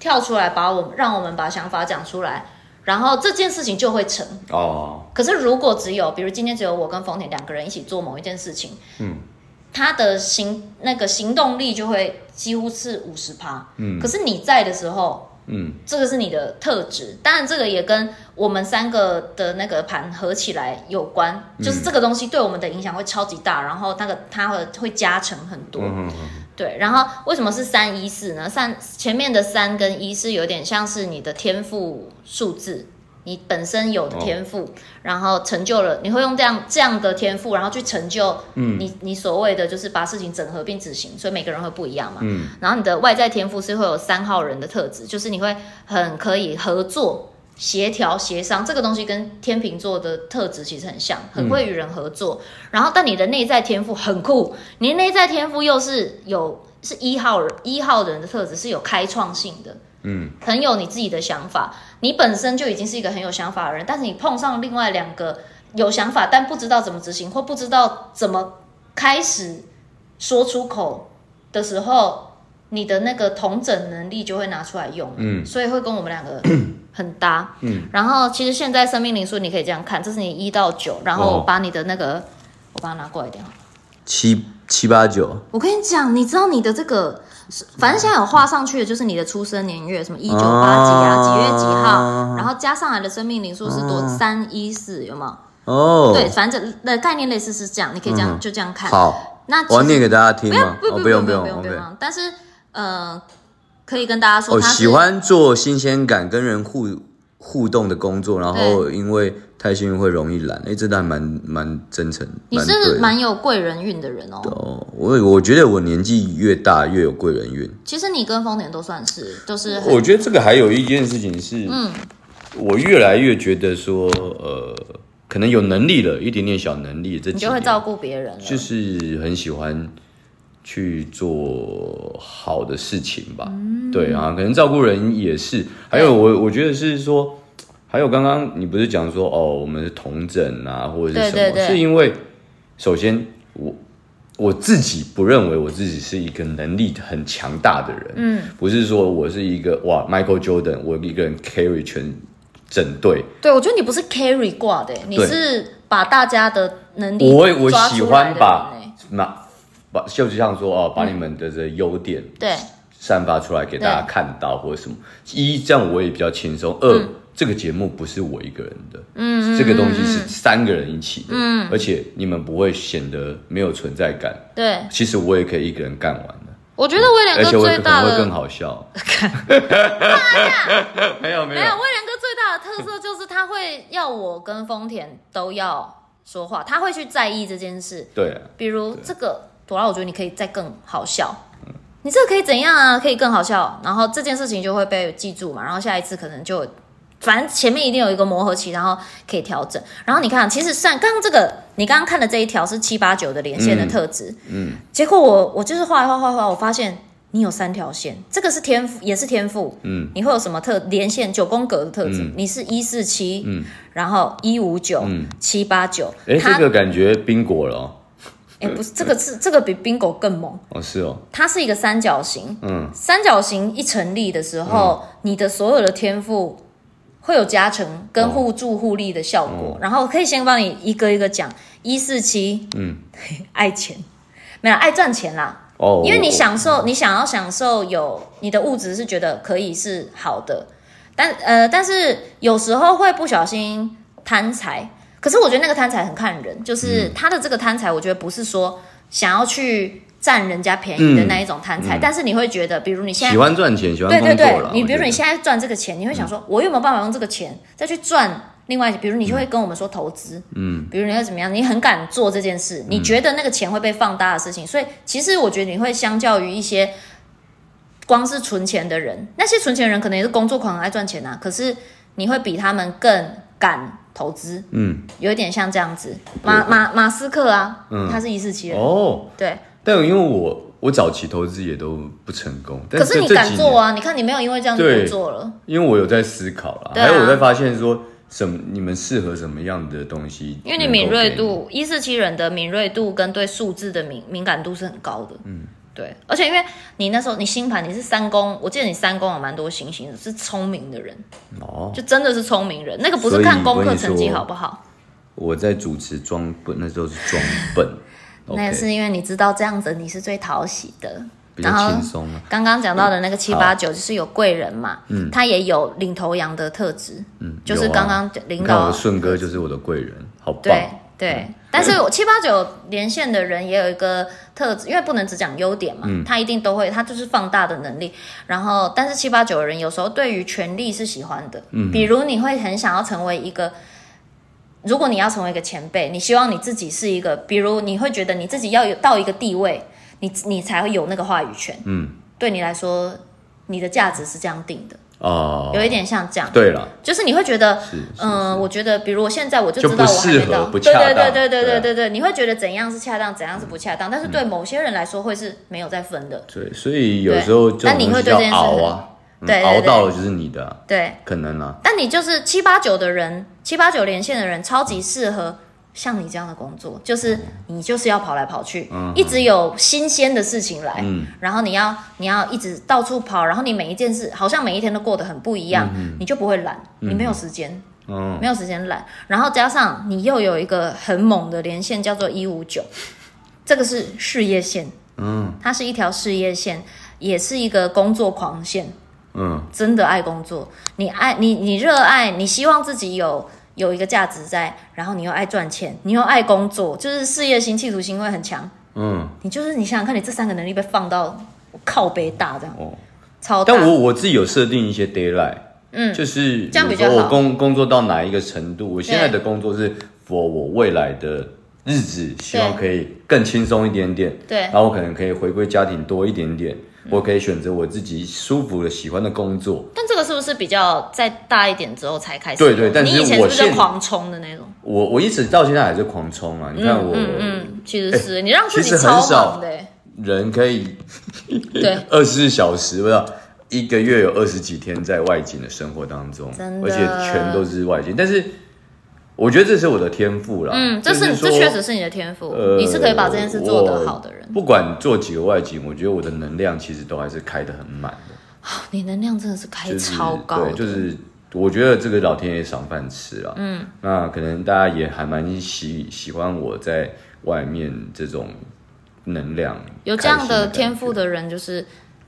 跳出來，把我讓我們把想法講出來，然後這件事情就會成哦。Oh. 可是如果只有，比如今天只有我跟馮田兩個人一起做某一件事情，嗯，他的行那個行動力就會幾乎是五十趴，嗯。可是你在的時候，嗯，這個是你的特質。當然，這個也跟我們三個的那個盤合起來有關、嗯，就是這個東西對我們的影響會超級大，然後那個它會會加成很多。Oh. 對，然後為什麼是三一四呢？三前面的三跟一四有點像是你的天賦數字，你本身有的天賦，哦、然後成就了，你會用這樣這樣的天賦，然後去成就你、嗯、你所謂的就是把事情整合並執行，所以每個人會不一樣嘛。嗯、然後你的外在天賦是會有三號人的特質，就是你會很可以合作。協調協商這個東西跟天秤座的特質其實很像，很會與人合作。然後，但你的內在天賦很酷，你內在天賦又是有是一號人、一號人的特質，是有開創性的，嗯，很有你自己的想法。你本身就已經是一個很有想法的人，但是你碰上，另外兩個有想法但不知道怎麼執行或不知道怎麼開始說出口的時候，你的那個統整能力就會拿出來用，嗯，所以會跟我們兩個。 很搭，嗯，然後其實現在生命靈數你可以這樣看，這是你一到九，然後我把你的那個，哦、我把它拿過來一點，七七八九。我跟你講，你知道你的這個，反正現在有畫上去的，就是你的出生年月，什麼一九八幾啊，哦，幾月幾號，然後加上來的生命靈數是多三一四，有嗎哦？對，反正的概念類似是這樣，你可以這樣、嗯、就這樣看。好，那我念給大家聽、哎。不要，哦，不用不用不用不用，不用，不，用，不，用，不，用不用。但是，呃。可以跟大家說、哦，喜歡做新鮮感、跟人互互動的工作，然後因為太幸運會容易懶，哎，這段、欸、真的蠻蠻真誠。你是蠻有貴人運的人哦。我我覺得我年紀越大越有貴人運。其實你跟風點都算是就是。我覺得這個還有一件事情是，嗯，我越來越覺得說，呃，可能有能力了一點點小能力，你就會照顧別人，就是很喜歡。去做好的事情吧，嗯，對啊，可能照顧人也是。嗯，還有我，我我覺得是說，還有剛剛你不是講說哦，我們是統整啊，或者是什麼？對對對，是因為首先我我自己不認為我自己是一個能力很強大的人，嗯，不是說我是一個哇，Michael Jordan，我一個人 carry 全整隊。對我覺得你不是 carry 掛的，欸，你是把大家的能力的，欸，我我喜歡把，把把，就像說啊，把你們的這優點對、嗯、散發出來給大家看到，或者什麼。一這樣我也比較輕鬆。二、嗯呃、這個節目不是我一個人的，嗯，這個東西是三個人一起的，嗯，而且你們不會顯得沒有存在感。對、嗯，其實我也可以一個人幹完的、嗯。我覺得威廉哥最大的，會更好笑、， 啊 沒。沒有沒有，威廉哥最大的特色就是他會要我跟風田都要說話，他會去在意這件事。對、啊，比如這個。我那我覺得你可以再更好笑，你這個可以怎樣啊？可以更好笑，然後這件事情就會被記住嘛。然後下一次可能就，反正前面一定有一個磨合期，然後可以調整。然後你看，其實像剛剛這個你剛剛看的這一條是七八九的連線的特質、嗯，嗯，結果我我就是畫一畫畫畫，我發現你有三條線，這個是天賦，也是天賦，嗯，你會有什麼特連線九宮格的特質、嗯？你是一四七，嗯，然後一五九，七八九，哎，這個感覺賓果了、哦。也、欸、不是這個是這個比 Bingo 更猛哦，是哦，它是一個三角形，嗯，三角形一成立的時候，嗯、你的所有的天賦會有加成跟互助互利的效果、哦哦，然後可以先幫你一個一個講，一四七，嗯， 愛錢，沒有愛賺錢啦，哦，因為你享受、哦、你想要享受有你的物質是覺得可以是好的，但呃，但是有時候會不小心貪財。可是我覺得那個貪財很看人，就是他的這個貪財，我覺得不是說想要去占人家便宜的那一種貪財、嗯。但是你會覺得，比如你現在喜歡賺錢對對對，喜歡工作了，你比如說你現在賺這個錢，你會想說、嗯，我有沒有辦法用這個錢再去賺另外？比如你就會跟我們說投資，嗯，嗯，比如你會怎麼樣？你很敢做這件事，你覺得那個錢會被放大的事情。嗯、所以其實我覺得你會相較於一些光是存錢的人，那些存錢的人可能也是工作狂很愛賺錢吶、啊。可是你會比他們更敢。投資，嗯，有點像這樣子，馬馬馬斯克啊，嗯，他是一四七人哦，對，但因為我我早期投資也都不成功，可是你敢做啊？你看你沒有因為這樣就不做了，對，因為我有在思考啦，對啊，還有我在發現說什麼你們適合什麼樣的東西，因為你敏銳度一四七人的敏銳度跟對數字的敏敏感度是很高的，嗯。對，而且因為你那時候你星盤你是三宮，我記得你三宮有蠻多星星的，是聰明的人，哦，就真的是聰明人，那個不是看功課成績好不好？我，我在主持裝笨，那時候是裝笨、 okay。那也是因為你知道這樣子你是最討喜的，比較輕鬆啊。剛剛講到的那個七八九就是有貴人嘛，嗯，他也有領頭羊的特質，嗯，就是剛剛領導啊。那我的順哥就是我的貴人，好棒。對對，但是我七八九連線的人也有一個特質，因為不能只講優點嘛，他一定都會，他就是放大的能力。然後，但是七八九人有時候對於權力是喜歡的，比如你會很想要成為一個，如果你要成為一個前輩，你希望你自己是一個，比如你會覺得你自己要有到一個地位，你你才會有那個話語權，嗯，對你來說，你的價值是這樣定的。哦、uh,，有一點像這樣。對了，就是你會覺得，嗯、呃，我覺得，比如我現在我就知道就不適合我還沒到不恰當，對對對對對對對、啊、對，你會覺得怎樣是恰當，怎樣是不恰當，但是對某些人來說會是沒有在分的。嗯、對，所以有時候那你會對這件事熬啊、嗯，熬到了就是你的。對，對，對，對，可能啦，啊。但你就是七八九的人，七八九連線的人，超級適合。嗯像你這樣的工作，就是你就是要跑來跑去，uh -huh. 一直有新鮮的事情來，uh -huh. 然後你要你要一直到處跑，然後你每一件事好像每一天都過得很不一樣，uh -huh. 你就不會懶，uh -huh. 你沒有時間，uh -huh. 沒有時間懶，然後加上你又有一個很猛的連線叫做一五九，這個是事業線，uh -huh. 它是一條事業線，也是一個工作狂線，uh -huh. 真的愛工作，你愛你你熱愛你希望自己有。有一個價值在，然後你又愛賺錢，你又愛工作，就是事業心、企圖心會很強。嗯，你就是你想想看，你這三個能力被放到靠北大這樣哦，超大。但我我自己有設定一些 deadline，嗯，就是比我工工作到哪一個程度，我現在的工作是，我我未來的日子希望可以更輕鬆一點點，對，然後我可能可以回歸家庭多一點點。我可以選擇我自己舒服的、喜歡的工作，但這個是不是比較再大一點之後才開始？對對、對，但是你以前是不是狂衝的那種？我我一直到現在還是狂衝啊、嗯！你看我，嗯、嗯、嗯，其實是、欸、你讓自己超忙的、欸、其實很少。對。人可以對二十四小時，不知道一個月有二十幾天在外景的生活當中，真的，而且全都是外景，但是。我覺得這是我的天賦了。嗯，這是、就是、這確實是你的天賦、呃，你是可以把這件事做得好的人。不管做幾個外景，我覺得我的能量其實都還是開得很滿的。好、哦，你能量真的是開超高、就是。就是我覺得這個老天爺賞飯吃了。嗯，那可能大家也還蠻喜喜歡我在外面這種能量。有這樣的天賦的人，就是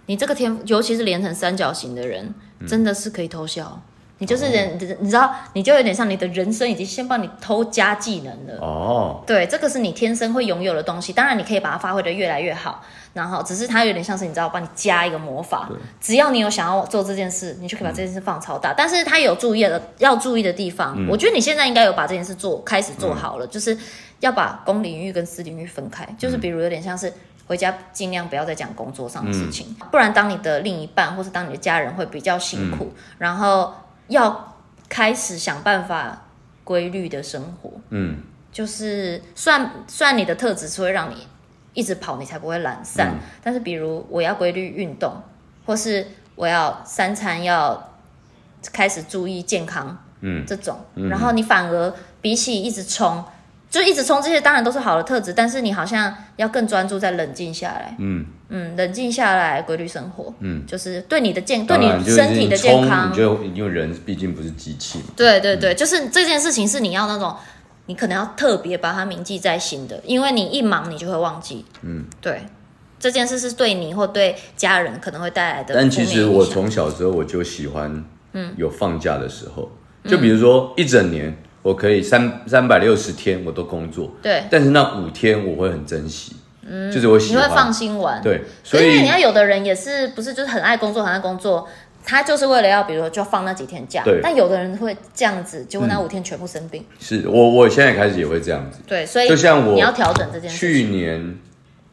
你這個天賦，尤其是連成三角形的人，嗯、真的是可以偷笑。你就是人，oh. 你知道，你就有點像你的人生已經先幫你偷加技能了哦。Oh. 對，這個是你天生會擁有的東西，當然你可以把它發揮的越來越好。然後，只是它有點像是你知道，幫你加一個魔法。只要你有想要做這件事，你就可以把這件事放超大。嗯、但是它有注意的要注意的地方、嗯，我覺得你現在應該有把這件事做開始做好了、嗯，就是要把公領域跟私領域分開。嗯、就是比如有點像是回家盡量不要再講工作上的事情、嗯，不然當你的另一半或是當你的家人會比較辛苦。嗯、然後。要開始想辦法規律的生活，嗯，就是算算你的特質是會讓你一直跑，你才不會懶散，嗯。但是，比如我要規律運動，或是我要三餐要開始注意健康，嗯，這種，嗯，然後你反而比起一直衝，就一直衝這些，當然都是好的特質，但是你好像要更專注在冷靜下來，嗯。嗯，冷靜下來，規律生活，嗯，就是對你的健，對你身體的健康，就，已經你就因為人畢竟不是機器嘛。對對對、嗯，就是這件事情是你要那種，你可能要特別把它銘記在心的，因為你一忙你就會忘記。嗯，對，這件事是對你或對家人可能會帶來的。但其實我從小時候我就喜歡，嗯，有放假的時候、嗯，就比如說一整年我可以三三百六十天我都工作，對、嗯，但是那五天我會很珍惜。嗯，就是我，你會放心玩。對，所以你看，有的人也是不是就是很愛工作，很愛工作，他就是為了要，比如說就放那幾天假。對。但有的人會這樣子，結果那五天全部生病。嗯、是，我我現在開始也會這樣子。對，所以就像我，你要調整這件事。去年，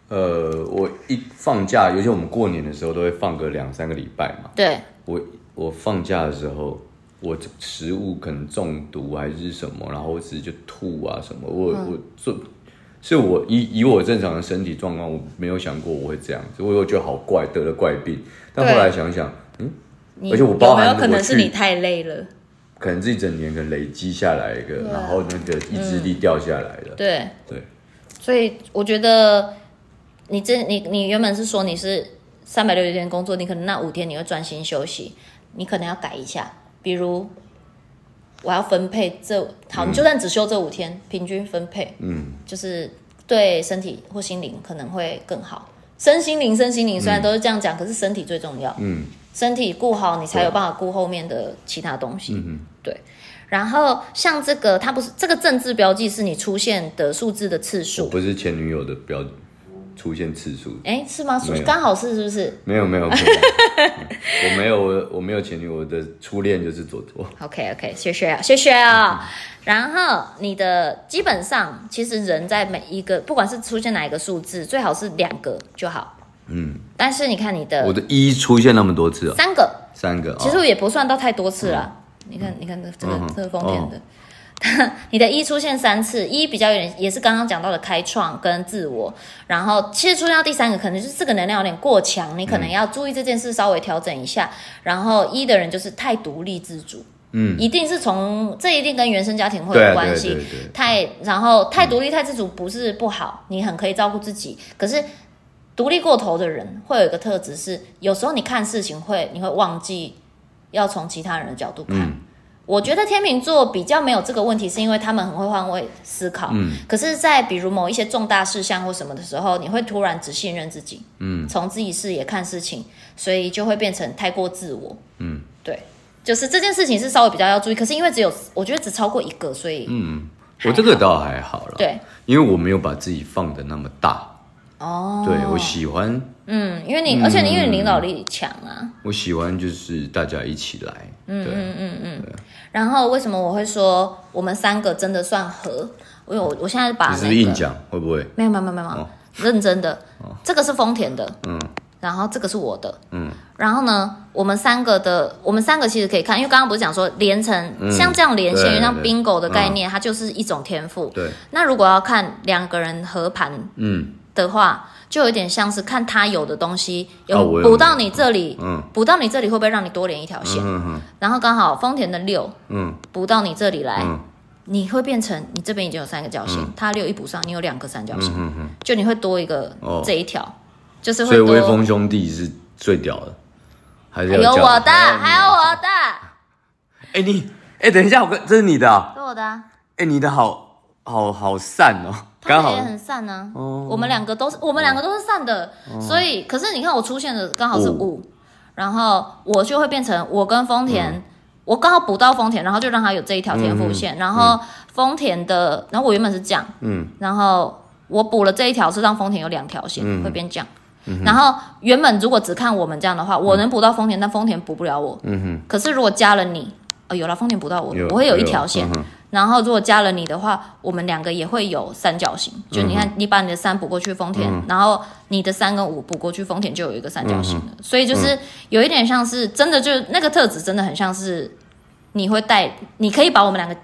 呃，我一放假，尤其我們過年的時候，都會放個兩三個禮拜嘛。對。我我放假的時候，我食物可能中毒還是什麼，然後我自己就吐啊什麼，我我就。嗯是我以以我正常的身體狀況，我沒有想過我會這樣子，所以我覺得好怪，得了怪病。但後來想想，嗯，你而且我包含我有沒有可能是你太累了，可能這一整年的累積下來一個，yeah. 然後那個意志力掉下來了。對、嗯、對，所以我覺得你真，你你原本是說你是三百六十天工作，你可能那五天你會專心休息，你可能要改一下，比如。我要分配這好，你就算只休這五天，嗯，平均分配，嗯，就是對身體或心靈可能會更好。身心靈、身心靈，雖然都是這樣講，嗯，可是身體最重要，嗯，身體顧好，你才有辦法顧後面的其他東西，嗯對。然後像這個，它不是這個正字標記，是你出現的數字的次數，我不是前女友的標。出現次數，哎、欸，是嗎？數剛好是，是不是？沒有沒有， 沒有，我沒有我我沒有前女友，我的初戀就是卓卓。OK OK，謝謝啊，謝謝啊、嗯。然後你的基本上，其實人在每一個，不管是出現哪一個數字，最好是兩個就好。嗯，但是你看你的，我的一出現那麼多次，三個，三個，其實也不算到太多次了。嗯、你看、嗯、你看這個嗯、這個這個瘋的。嗯你的一出現三次，一比較有點，也是剛剛講到的開創跟自我。然後其實出現到第三個，可能就是這個能量有點過強，你可能要注意這件事，稍微調整一下、嗯。然後一的人就是太獨立自主，嗯，一定是從這一定跟原生家庭會有關係、啊。太然後太獨立、嗯、太自主不是不好，你很可以照顧自己。可是獨立過頭的人會有一個特質是，有時候你看事情會你會忘記要從其他人的角度看。嗯我覺得天秤座比較沒有這個問題，是因為他們很會換位思考。嗯，可是，在比如某一些重大事項或什麼的時候，你會突然只信任自己，嗯，從自己視野看事情，所以就會變成太過自我。嗯，對，就是這件事情是稍微比較要注意。可是因為只有我覺得只超過一個，所以嗯，我這個倒還好了，對，因為我沒有把自己放的那麼大。哦，對，我喜歡，嗯，因為你而且你因為你領導力強啊。嗯，我喜歡就是大家一起來。嗯嗯嗯嗯，然後為什麼我會說我們三個真的算合？我我我現在把你、那個、是硬講會不會？沒有沒有沒有沒有、哦，認真的、哦，這個是豐田的，嗯，然後這個是我的，嗯，然後呢，我們三個的，我們三個其實可以看，因為剛剛不是講說連成、嗯、像這樣連線，因為像 Bingo 的概念、嗯，它就是一種天賦。對，那如果要看兩個人合盤，嗯的話。嗯就有點像是看他有的東西有補到你這裡，啊、嗯，補到你這裡會不會讓你多連一條線嗯嗯嗯？嗯，然後剛好豐田的六，嗯，補到你這裡來，嗯、你會變成你這邊已經有三個角形、嗯，他六一補上，你有兩個三角形，嗯哼、嗯嗯嗯，就你會多一個這一條、哦，就是會。所以威風兄弟是最屌的，還有、哎、我,我的，還有我的。哎你，哎等一下，我跟，這是你的、啊，是我的、啊。哎你的好。好好善哦，剛好他也很善呢、啊。哦，我們兩個都是，我們兩個都是善的，所以，可是你看我出現的剛好是五、哦，然後我就會變成我跟豐田，嗯、我剛好補到豐田，然後就讓他有這一條天賦線、嗯，然後豐田的，然後我原本是這樣，嗯，然後我補了這一條是讓豐田有兩條線、嗯、會變這樣、嗯，然後原本如果只看我們這樣的話，我能補到豐田，嗯、但豐田補不了我，嗯哼，可是如果加了你。呃、哦，有啦豐田補到我，我會有一條線、嗯。然後如果加了你的話，我們兩個也會有三角形、嗯。就你看，你把你的三補過去豐田、嗯，然後你的三跟五補過去豐田，就有一個三角形了。嗯、所以就是有一點像是真的就，就那個特質真的很像是你會帶，你可以把我們兩個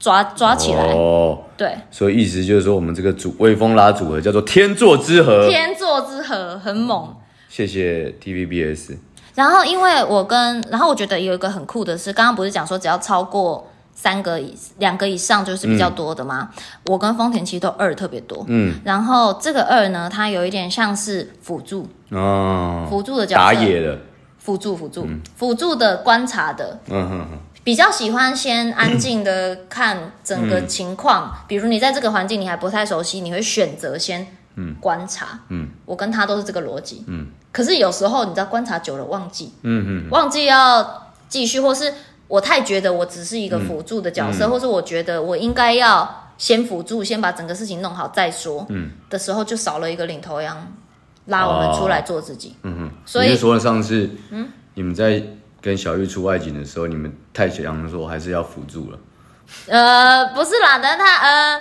抓抓起來。哦，對，所以意思就是說，我們這個組威風拉組合叫做天作之合，天作之合很猛。謝謝 TVBS。然後，因為我跟然後，我覺得有一個很酷的是，剛剛不是講說只要超過三個、兩個以上就是比較多的嗎、嗯？我跟豐田其實都二特別多。嗯。然後這個二呢，它有一點像是輔助。哦。輔助的角色。打野的。輔助輔助、嗯、輔助的觀察的。嗯嗯嗯。比較喜歡先安靜的看整個情況、嗯，比如你在這個環境你還不太熟悉，你會選擇先觀察。嗯。嗯，我跟他都是這個邏輯。嗯。可是有時候，你知道，觀察久了忘記，嗯嗯，忘記要繼續，或是我太覺得我只是一個輔助的角色、嗯嗯，或是我覺得我應該要先輔助，先把整個事情弄好再說，嗯，的時候就少了一個領頭羊，拉我們出來做自己，嗯嗯。所以說上次，嗯，你們在跟小玉出外景的時候，你們太強了，說我還是要輔助了，呃，不是啦，但他呃，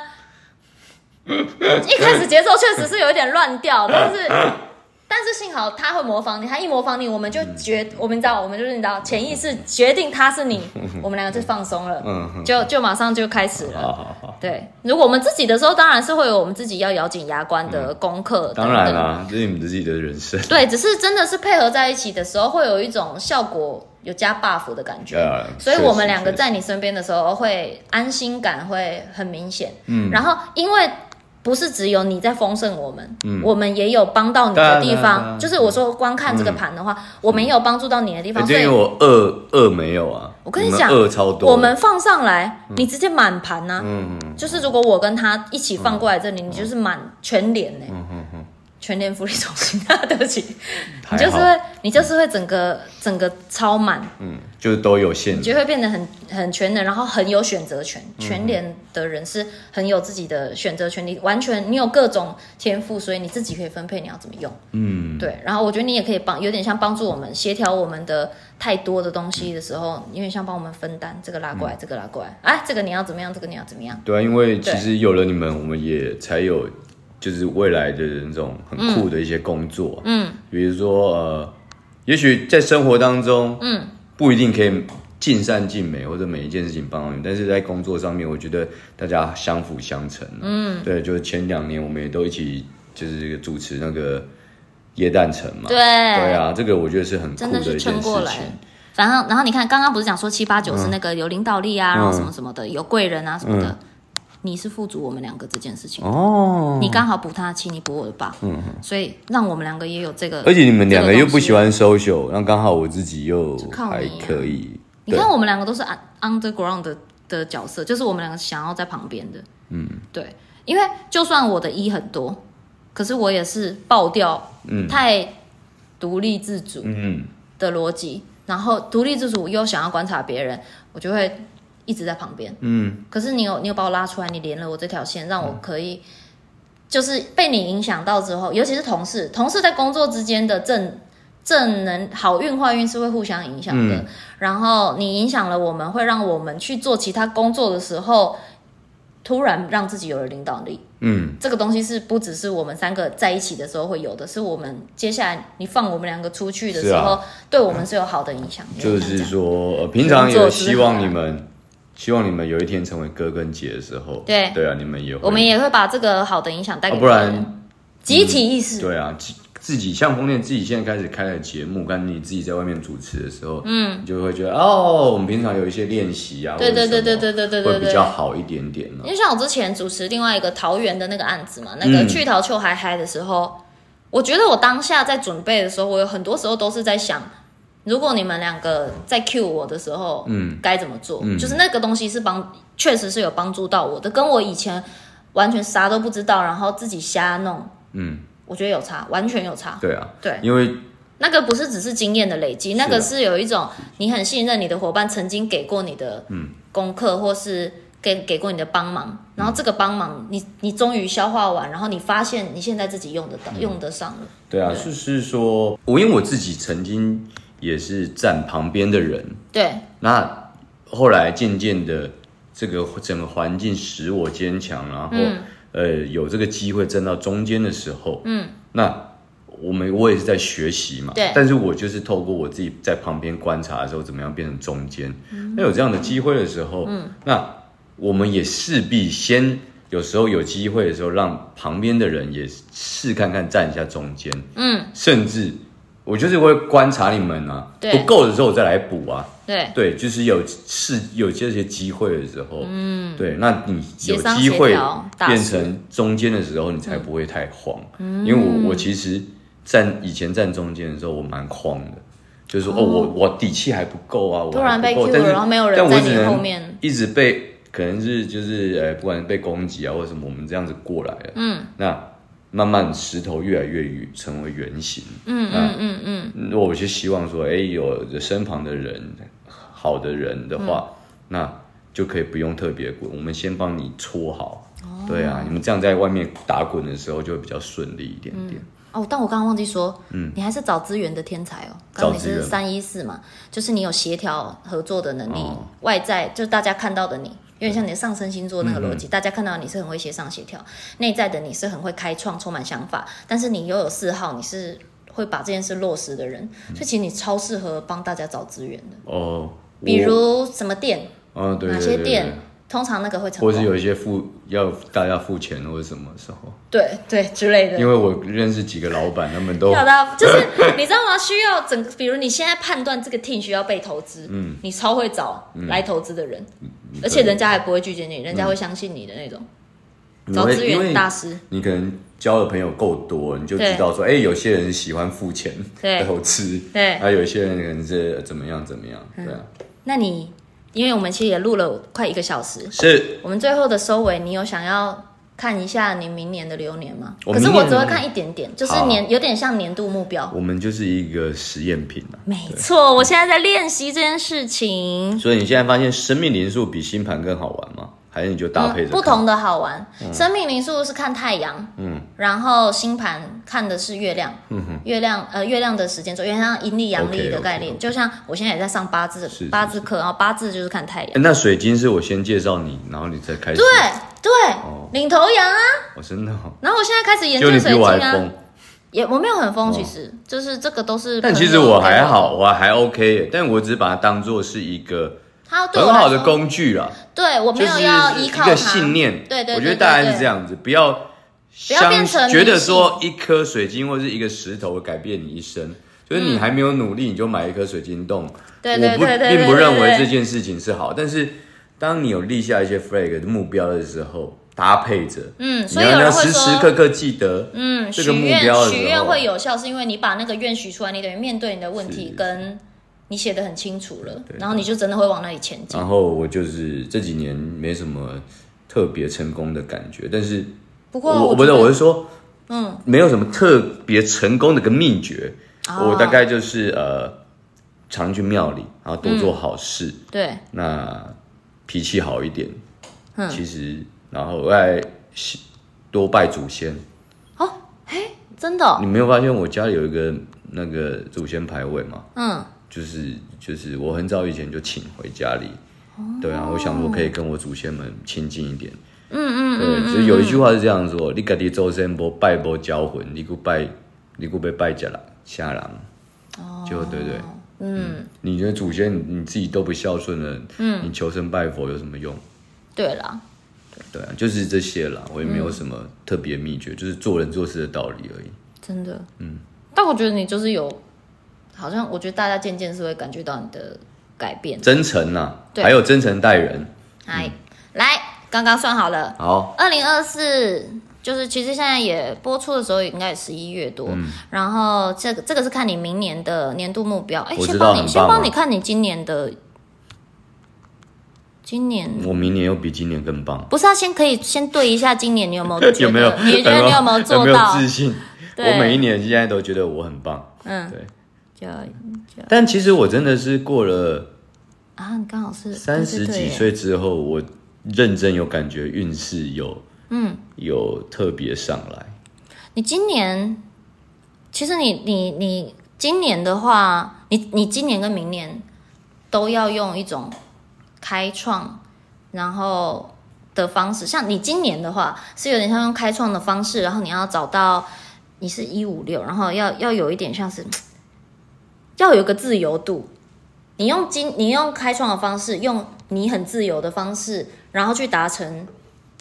一開始節奏確實是有一點亂掉， 但是。 但是幸好他會模仿你，他一模仿你，我們就決、嗯、我們知道，我們就你知道，潛意識決定他是你，嗯、我們兩個就放鬆了，嗯、就就馬上就開始了、嗯。對，如果我們自己的時候，當然是會有我們自己要咬緊牙關的功課。嗯、等等當然啦、啊，這是你們自己的人生。對，只是真的是配合在一起的時候，會有一種效果有加 buff 的感覺。所以我們兩個在你身邊的時候，會安心感會很明顯。嗯。然後因為。不是只有你在豐盛我們、嗯，我們也有幫到你的地方。呃呃呃、就是我說光看這個盤的話，嗯、我們也有幫助到你的地方。欸、所以我二二沒有啊。我跟你講，你二超多。我們放上來，嗯、你直接滿盤吶。就是如果我跟他一起放過來這裡，嗯、你就是滿全臉嘞、欸。嗯嗯嗯全聯福利中心， 對不起，嗯、你就是你就是會整個整個超滿，嗯，就是都有限，你會變得很很全能，然後很有選擇權。嗯、全聯的人是很有自己的選擇權，你完全你有各種天賦，所以你自己可以分配你要怎麼用，嗯，對。然後我覺得你也可以幫，有點像幫助我們協調我們的太多的東西的時候，嗯、有點像幫我們分擔，這個拉過來，嗯、這個拉過來，哎、啊，這個你要怎麼樣，這個你要怎麼樣？對啊，因為其實有了你們，我們也才有。就是未來的那種很酷的一些工作，嗯，嗯，比如說呃，也許在生活當中，嗯，不一定可以盡善盡美，嗯，或者每一件事情幫到你，但是在工作上面，我覺得大家相輔相成，啊，嗯，對，就是前兩年我們也都一起就是主持那個耶誕城嘛，對，對啊，這個我覺得是很酷的，一件事情，情反正然後你看剛剛不是講說七八九，是那個有領導力啊，嗯，然後什麼什麼的，有貴人啊什麼的。嗯嗯你是富足我們，兩個這件事情哦，你剛好補他的氣。你補我的吧，嗯哼，所以讓我們兩個也有這個，而且你們兩個又不喜歡 social，然後剛好我自己又還可以。你，啊、可以你看，我們兩個都是 underground 的、的角色，就是我們兩個想要在旁邊的，嗯，對，因為就算我的一、E、很多，可是我也是爆掉，嗯，太獨立自主，的邏輯，嗯嗯，然後獨立自主又想要觀察別人，我就會。一直在旁邊，嗯，可是你有你有把我拉出來，你連了我這條線，讓我可以、嗯、就是被你影響到之後，尤其是同事，同事在工作之間的正正能好運壞運是會互相影響的、嗯。然後你影響了我們，會讓我們去做其他工作的時候，突然讓自己有了領導力，嗯，這個東西是不只是我們三個在一起的時候會有的，是我們接下來你放我們兩個出去的時候、啊，對我們是有好的影響。就是說，平常也希,希望你們。希望你們有一天成為哥跟姐的時候，對對啊，你們也會我們也會把這個好的影響帶給不然集體意識、哦嗯、對啊，自己像楓葉，自己現在開始開了節目，跟你自己在外面主持的時候，嗯，你就會覺得哦，我們平常有一些練習啊，對對對對對對對、對、對、對、對會比較好一點點、啊。你像我之前主持另外一個桃園的那個案子嘛，那個去桃球還嗨的時候、嗯，我覺得我當下在準備的時候，我有很多時候都是在想。如果你們兩個在 cue 我的時候，嗯，該怎麼做，嗯。就是那個東西是幫，確實是有幫助到我的，跟我以前完全啥都不知道，然後自己瞎弄，嗯，我覺得有差，完全有差。對啊，對，因為那個不是只是經驗的累積，啊，那個是有一種你很信任你的夥伴曾經給過你的功課，嗯、或是給給過你的幫忙，然後這個幫忙、嗯、你你終於消化完，然後你發現你現在自己用得到，嗯、用得上了。對啊，就是說，我因為我自己曾經。也是站旁邊的人，對。那後來漸漸的，這個整個環境使我堅強，然後、嗯、呃有這個機會站到中間的時候，嗯。那我們我也是在學習嘛，對。但是我就是透過我自己在旁邊觀察的時候，怎麼樣變成中間、嗯。那有這樣的機會的時候，嗯。那我們也勢必先，有時候有機會的時候，讓旁邊的人也試看看站一下中間，嗯。甚至。我就是會觀察你們啊，不夠的時候再來補啊。對，對，就是有是有這些機會的時候，嗯，對，那你有機會變成中間的時候，你才不會太慌。嗯，因為我我其實站以前站中間的時候，我蠻慌的，嗯，就是說哦，我我底氣還不夠啊，突然被 Q 了，我但然後沒有人，在你後面我一直被，可能是就是呃，欸，不管是被攻擊啊或者什麼，我們這樣子過來了。嗯，那。慢慢石頭越來越，越成為圓形。嗯嗯嗯嗯，那嗯嗯嗯，如果我就希望說，哎、欸，有身旁的人，好的人的話，嗯、那就可以不用特別滾，我們先幫你搓好、哦。對啊、嗯，你們這樣在外面打滾的時候，就會比較順利一點點。嗯、哦，但我剛剛忘記說、嗯，你還是找資源的天才哦。剛剛你314找資源是三一四嘛，就是你有協調合作的能力，哦、外在就是、大家看到的你。有點像你的上升星座那個邏輯、嗯嗯，大家看到你是很會協商協調，內在的你是很會開創，充滿想法，但是你又有四號，你是會把這件事落實的人，嗯、所以其實你超適合幫大家找資源的哦，比如什麼店啊，對對對對對，哪些店？對對對對通常那個會成，或是有一些付要大家付錢或者什麼時候，對對之類的。因為我認識幾個老闆， 他們都就是你知道嗎？ 需要整個，比如你現在判斷這個 team 需要被投資，嗯，你超會找來投資的人，嗯，而且人家還不會拒絕你，人家會相信你的那種。找資源大師，你可能交的朋友夠多，你就知道說，哎，欸，有些人喜歡付錢投資，對，還、啊，有些人可能是怎麼樣怎麼樣，對、嗯、對啊。那你？因為我們其實也錄了快一個小時，是我們最後的收尾。你有想要看一下你明年的流年嗎？年可是我只會看一點點，就是年、啊、有點像年度目標。我們就是一個實驗品啊，沒錯，我現在在練習這件事情。所以你現在發現生命靈數比星盤更好玩嗎？還是你就搭配、嗯、不同的好玩，嗯、生命靈數是看太陽，嗯，然後星盤看的是月亮，嗯哼，月亮呃月亮的時間軸，它像陰曆陽曆的概念，okay, okay, okay, okay. 就像我現在也在上八字八字課，然後八字就是看太陽、欸。那水晶是我先介紹你，然後你再開始，對對、哦，領頭羊啊，我、哦、真的、哦。然後我現在開始研究水晶啊，就你比我還瘋也我沒有很瘋，哦、其實就是這個都是。但其實我還好，嗯、我還，還 OK，但我只是把它當做是一個。啊、很好的工具啊。對，我沒有要依靠、就是、一個信念，對對對、對、對，我覺得大概是這樣子，不要相不要覺得說一顆水晶或是一個石頭改變你一生，就是你還沒有努力，你就買一顆水晶洞。嗯、我不對對對對對對對並不認為這件事情是好，但是當你有立下一些 flag 的目標的時候，搭配着，嗯，你要時時刻刻記得，嗯，這個目標許願、嗯、會有效，是因為你把那個願許出來，你等於面對你的問題跟。是是是你寫得很清楚了，然後你就真的會往那裡前進。然後我就是這幾年沒什麼特別成功的感覺，但是不過我，我不是我是說，嗯，沒有什麼特別成功的個秘訣、嗯。我大概就是呃，常去廟裡然後多做好事。嗯、對，那脾氣好一點，嗯、其實然後我愛多拜祖先。哦，嘿、欸，真的、哦，你沒有發現我家裡有一個那個祖先牌位嗎？嗯。就是就是，就是，我很早以前就請回家裡。哦，對啊，我想說可以跟我祖先們親近一點，嗯嗯，對，就、嗯、有一句話是這樣說：嗯嗯嗯、你家的祖先不拜不交魂，你不拜，你不被拜家啦，下人，哦，就對對，對嗯，嗯，你覺得祖先你自己都不孝順了，嗯，你求神拜佛有什麼用？對啦對，對啊，就是這些啦。我也沒有什麼特別秘訣，嗯，就是做人做事的道理而已，真的，嗯，但我覺得你就是有。好像我覺得大家漸漸是會感覺到你的改變的，真誠吶、啊，對，還有真誠待人。哎、嗯，來，剛剛算好了，好。二零二四就是其實現在也播出的時候應該也十一月多、嗯，然後這個這個是看你明年的年度目標。哎，先幫你、啊、先幫你看你今年的，今年我明年又比今年更棒。不是、啊，先可以先對一下今年你有沒有 有沒有？你覺得你有沒有，有，沒有做到？有沒有自信 對？我每一年現在都覺得我很棒。嗯，對。但其實我真的是過了啊，剛好是三十幾歲之後，我認真有感覺有，運勢有嗯有特別上來。你今年其實你你你今年的話，你你今年跟明年都要用一種開創然後的方式，像你今年的話是有點像用開創的方式，然後你要找到你是一五六，然後要要有一點像是。要有一個自由度，你用今，你用開創的方式，用你很自由的方式，然後去達成，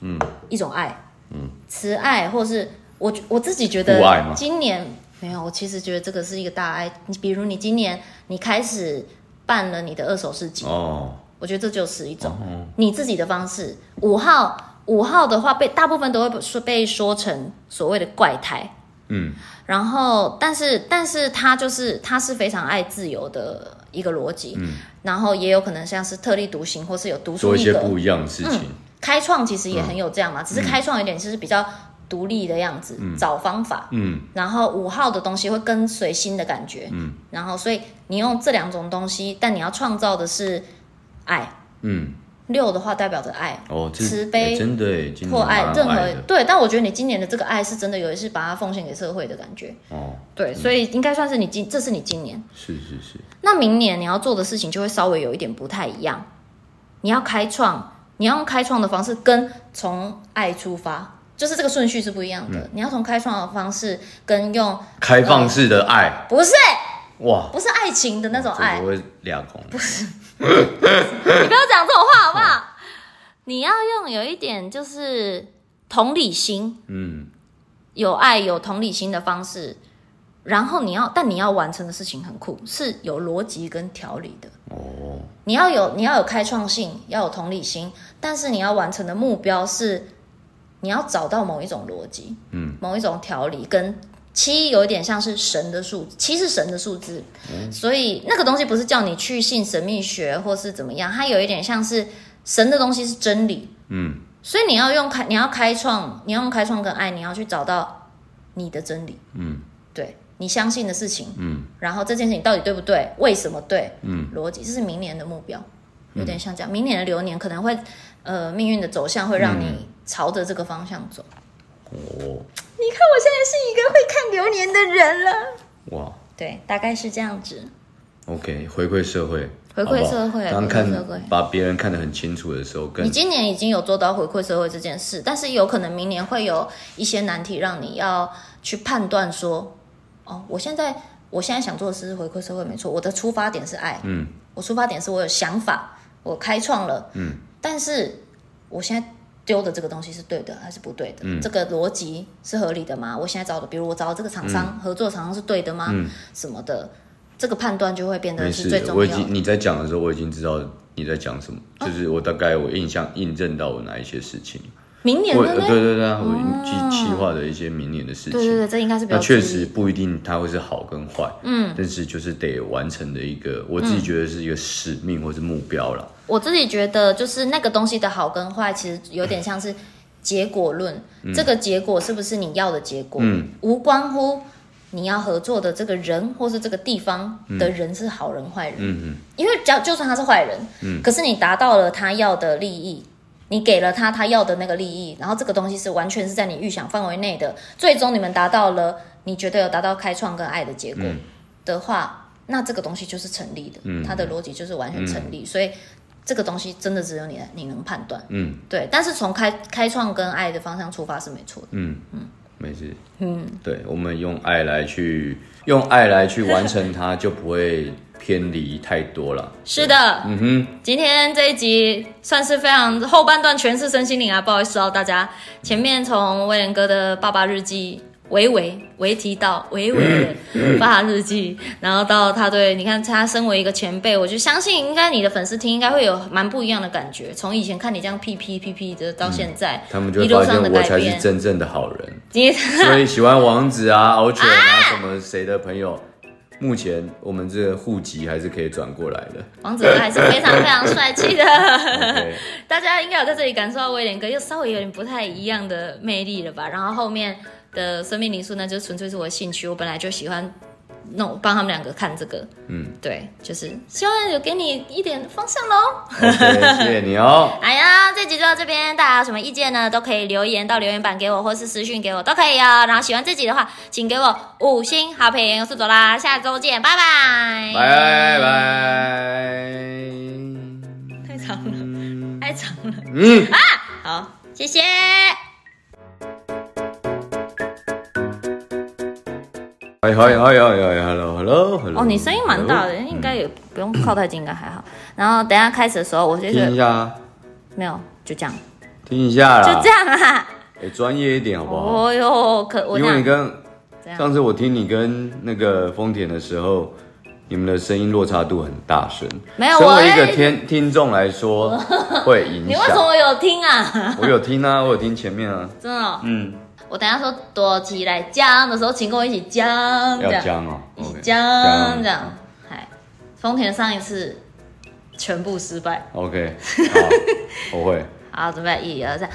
嗯，一種愛嗯，嗯，慈愛，或是我我自己覺得，今年沒有，我其實覺得這個是一個大愛。你比如你今年你開始辦了你的二手市集，哦，我覺得這就是一種你自己的方式。哦，五號，五號的話被大部分都會說被說成所謂的怪胎。嗯，然後，但是，但是他就是他是非常愛自由的一個邏輯，嗯，然後也有可能像是特立獨行，或是有獨處，做一些不一樣的事情、嗯。開創其實也很有這樣嘛，嗯、只是開創有點就是比較獨立的樣子、嗯，找方法，嗯，然後五號的東西會跟隨心的感覺，嗯，然後所以你用這兩種東西，但你要創造的是愛，嗯。六的話代表着愛、哦、慈悲、破、欸、愛，任何，對，但我覺得你今年的這個愛是真的，有一次把它奉獻給社會的感覺。哦，對，所以應該算是你今，這是你今年。是是是。那明年你要做的事情就會稍微有一點不太一樣，你要開創，你要用開創的方式跟從愛出發，就是這個順序是不一樣的。嗯、你要從開創的方式跟用開放式的愛，呃、不是，哇，不是愛情的那種愛，不會裂空的，不是。 你不要講這種話好不好？好，你要用有一點就是同理心，嗯，有愛，有同理心的方式，然後你要，但你要完成的事情很酷，是有邏輯跟條理的。哦，你要有，你要有開創性，要有同理心，但是你要完成的目標是，你要找到某一種邏輯，嗯，某一種條理跟。七有一點像是神的數字，七是神的數字，嗯，所以那個東西不是叫你去信神秘學或是怎麼樣，它有一點像是神的東西是真理，嗯，所以你要用開，你要開創，你要用開創跟愛，你要去找到你的真理，嗯，對，你相信的事情，嗯，然後這件事情到底對不對？為什麼對？嗯，邏輯，這是明年的目標，有點像這樣，明年的流年可能會，呃，命運的走向會讓你朝着這個方向走。嗯啊哦、oh.，你看我現在是一個會看流年的人了。哇、wow.，對，大概是這樣子。OK，回饋社會，回饋社會。好不好？剛剛看社會，把別人看得很清楚的時候，跟你今年已經有做到回饋社會這件事，但是有可能明年會有一些難題，讓你要去判斷說，哦，我現在我現在想做的是回饋社會，沒錯，我的出發點是愛。嗯，我出發點是我有想法，我開創了。嗯，但是我現在。丟的這個東西是對的還是不對的？嗯、這個邏輯是合理的嗎？我現在找的，比如我找的這個廠商、嗯、合作廠商是對的嗎、嗯？什麼的，這個判斷就會變得是最重要的。沒事，我已經你在講的時候我已經知道你在講什麼，就是我大概我印象印證到我哪一些事情。啊明年的對，對對對，我計計劃的一些明年的事情。嗯、對對對，這應該是比較。那確實不一定，它會是好跟壞。嗯。但是就是得完成的一個，我自己覺得是一個使命或是目標了、嗯。我自己覺得，就是那個東西的好跟壞，其實有點像是結果論、嗯。這個結果是不是你要的結果？嗯。無關乎你要合作的這個人或是這個地方的人是好人壞人。嗯嗯。因為只要就算他是壞人，嗯，可是你達到了他要的利益。你給了他他要的那個利益，然後這個東西是完全是在你預想範圍內的，最終你們達到了你覺得有達到開創跟愛的結果的話，嗯、那這個東西就是成立的、嗯，它的邏輯就是完全成立，嗯、所以這個東西真的只有你你能判斷。嗯，對。但是從開開創跟愛的方向出發是沒錯的。嗯嗯，沒事。嗯，對，我們用愛來去用愛來去完成它 就不會。偏離太多了。是的，嗯哼，今天這一集算是非常後半段全是身心靈啊，不好意思哦，啊，大家前面從威廉哥的爸爸日記維維維提到維維的爸爸日記， 然後到他對你看他身為一個前輩，我就相信應該你的粉絲聽應該會有蠻不一樣的感覺。從以前看你這樣屁屁屁屁的到現在，嗯，他們就會發現我才是真正的好人。嗯，一路上的改變。所以喜歡王子啊，敖犬啊，啊什麼誰的朋友，目前我們這個戶籍還是可以轉過來的。王子哥還是非常非常帥氣的， okay. 大家應該有在這裡感受到威廉哥又稍微有點不太一樣的魅力了吧？然後後面的生命靈數呢，就純粹是我的興趣，我本來就喜歡。那、no, 我幫他們兩個看這個，嗯，對，就是希望有給你一點方向嘍。Okay, 謝謝你哦。哎呀，這集就到這邊，大家有什麼意見呢？都可以留言到留言板給我，或是私訊給我都可以哦。然後喜歡這集的話，請給我五星好評，我是朵拉！下周見，拜拜，拜拜、嗯。太長了，太長了。嗯啊，好，謝謝。哎，hello，hello，hello。哦， 你聲音蠻大的，應該也不用靠太近，mm. 應該還好。然後等下開始的時候， 我先聽一下，啊，沒有，就這樣。聽一下啦，就這樣啦。哎、欸，專業一點好不好？哦喲，可我因為你跟上次我聽你跟那個豐田的時候，你們的聲音落差度很大聲。沒有，作為一個聽 聽眾來說，會影響。 你為什麼有聽啊？ 我有聽啊，我有聽前面啊。真的、喔？嗯。我等一下說多起來講的時候，請跟我一起講。要講哦、喔，一起講這樣。哎，豐、嗯、田上一次全部失敗。OK，好 我會。好，準備一二三。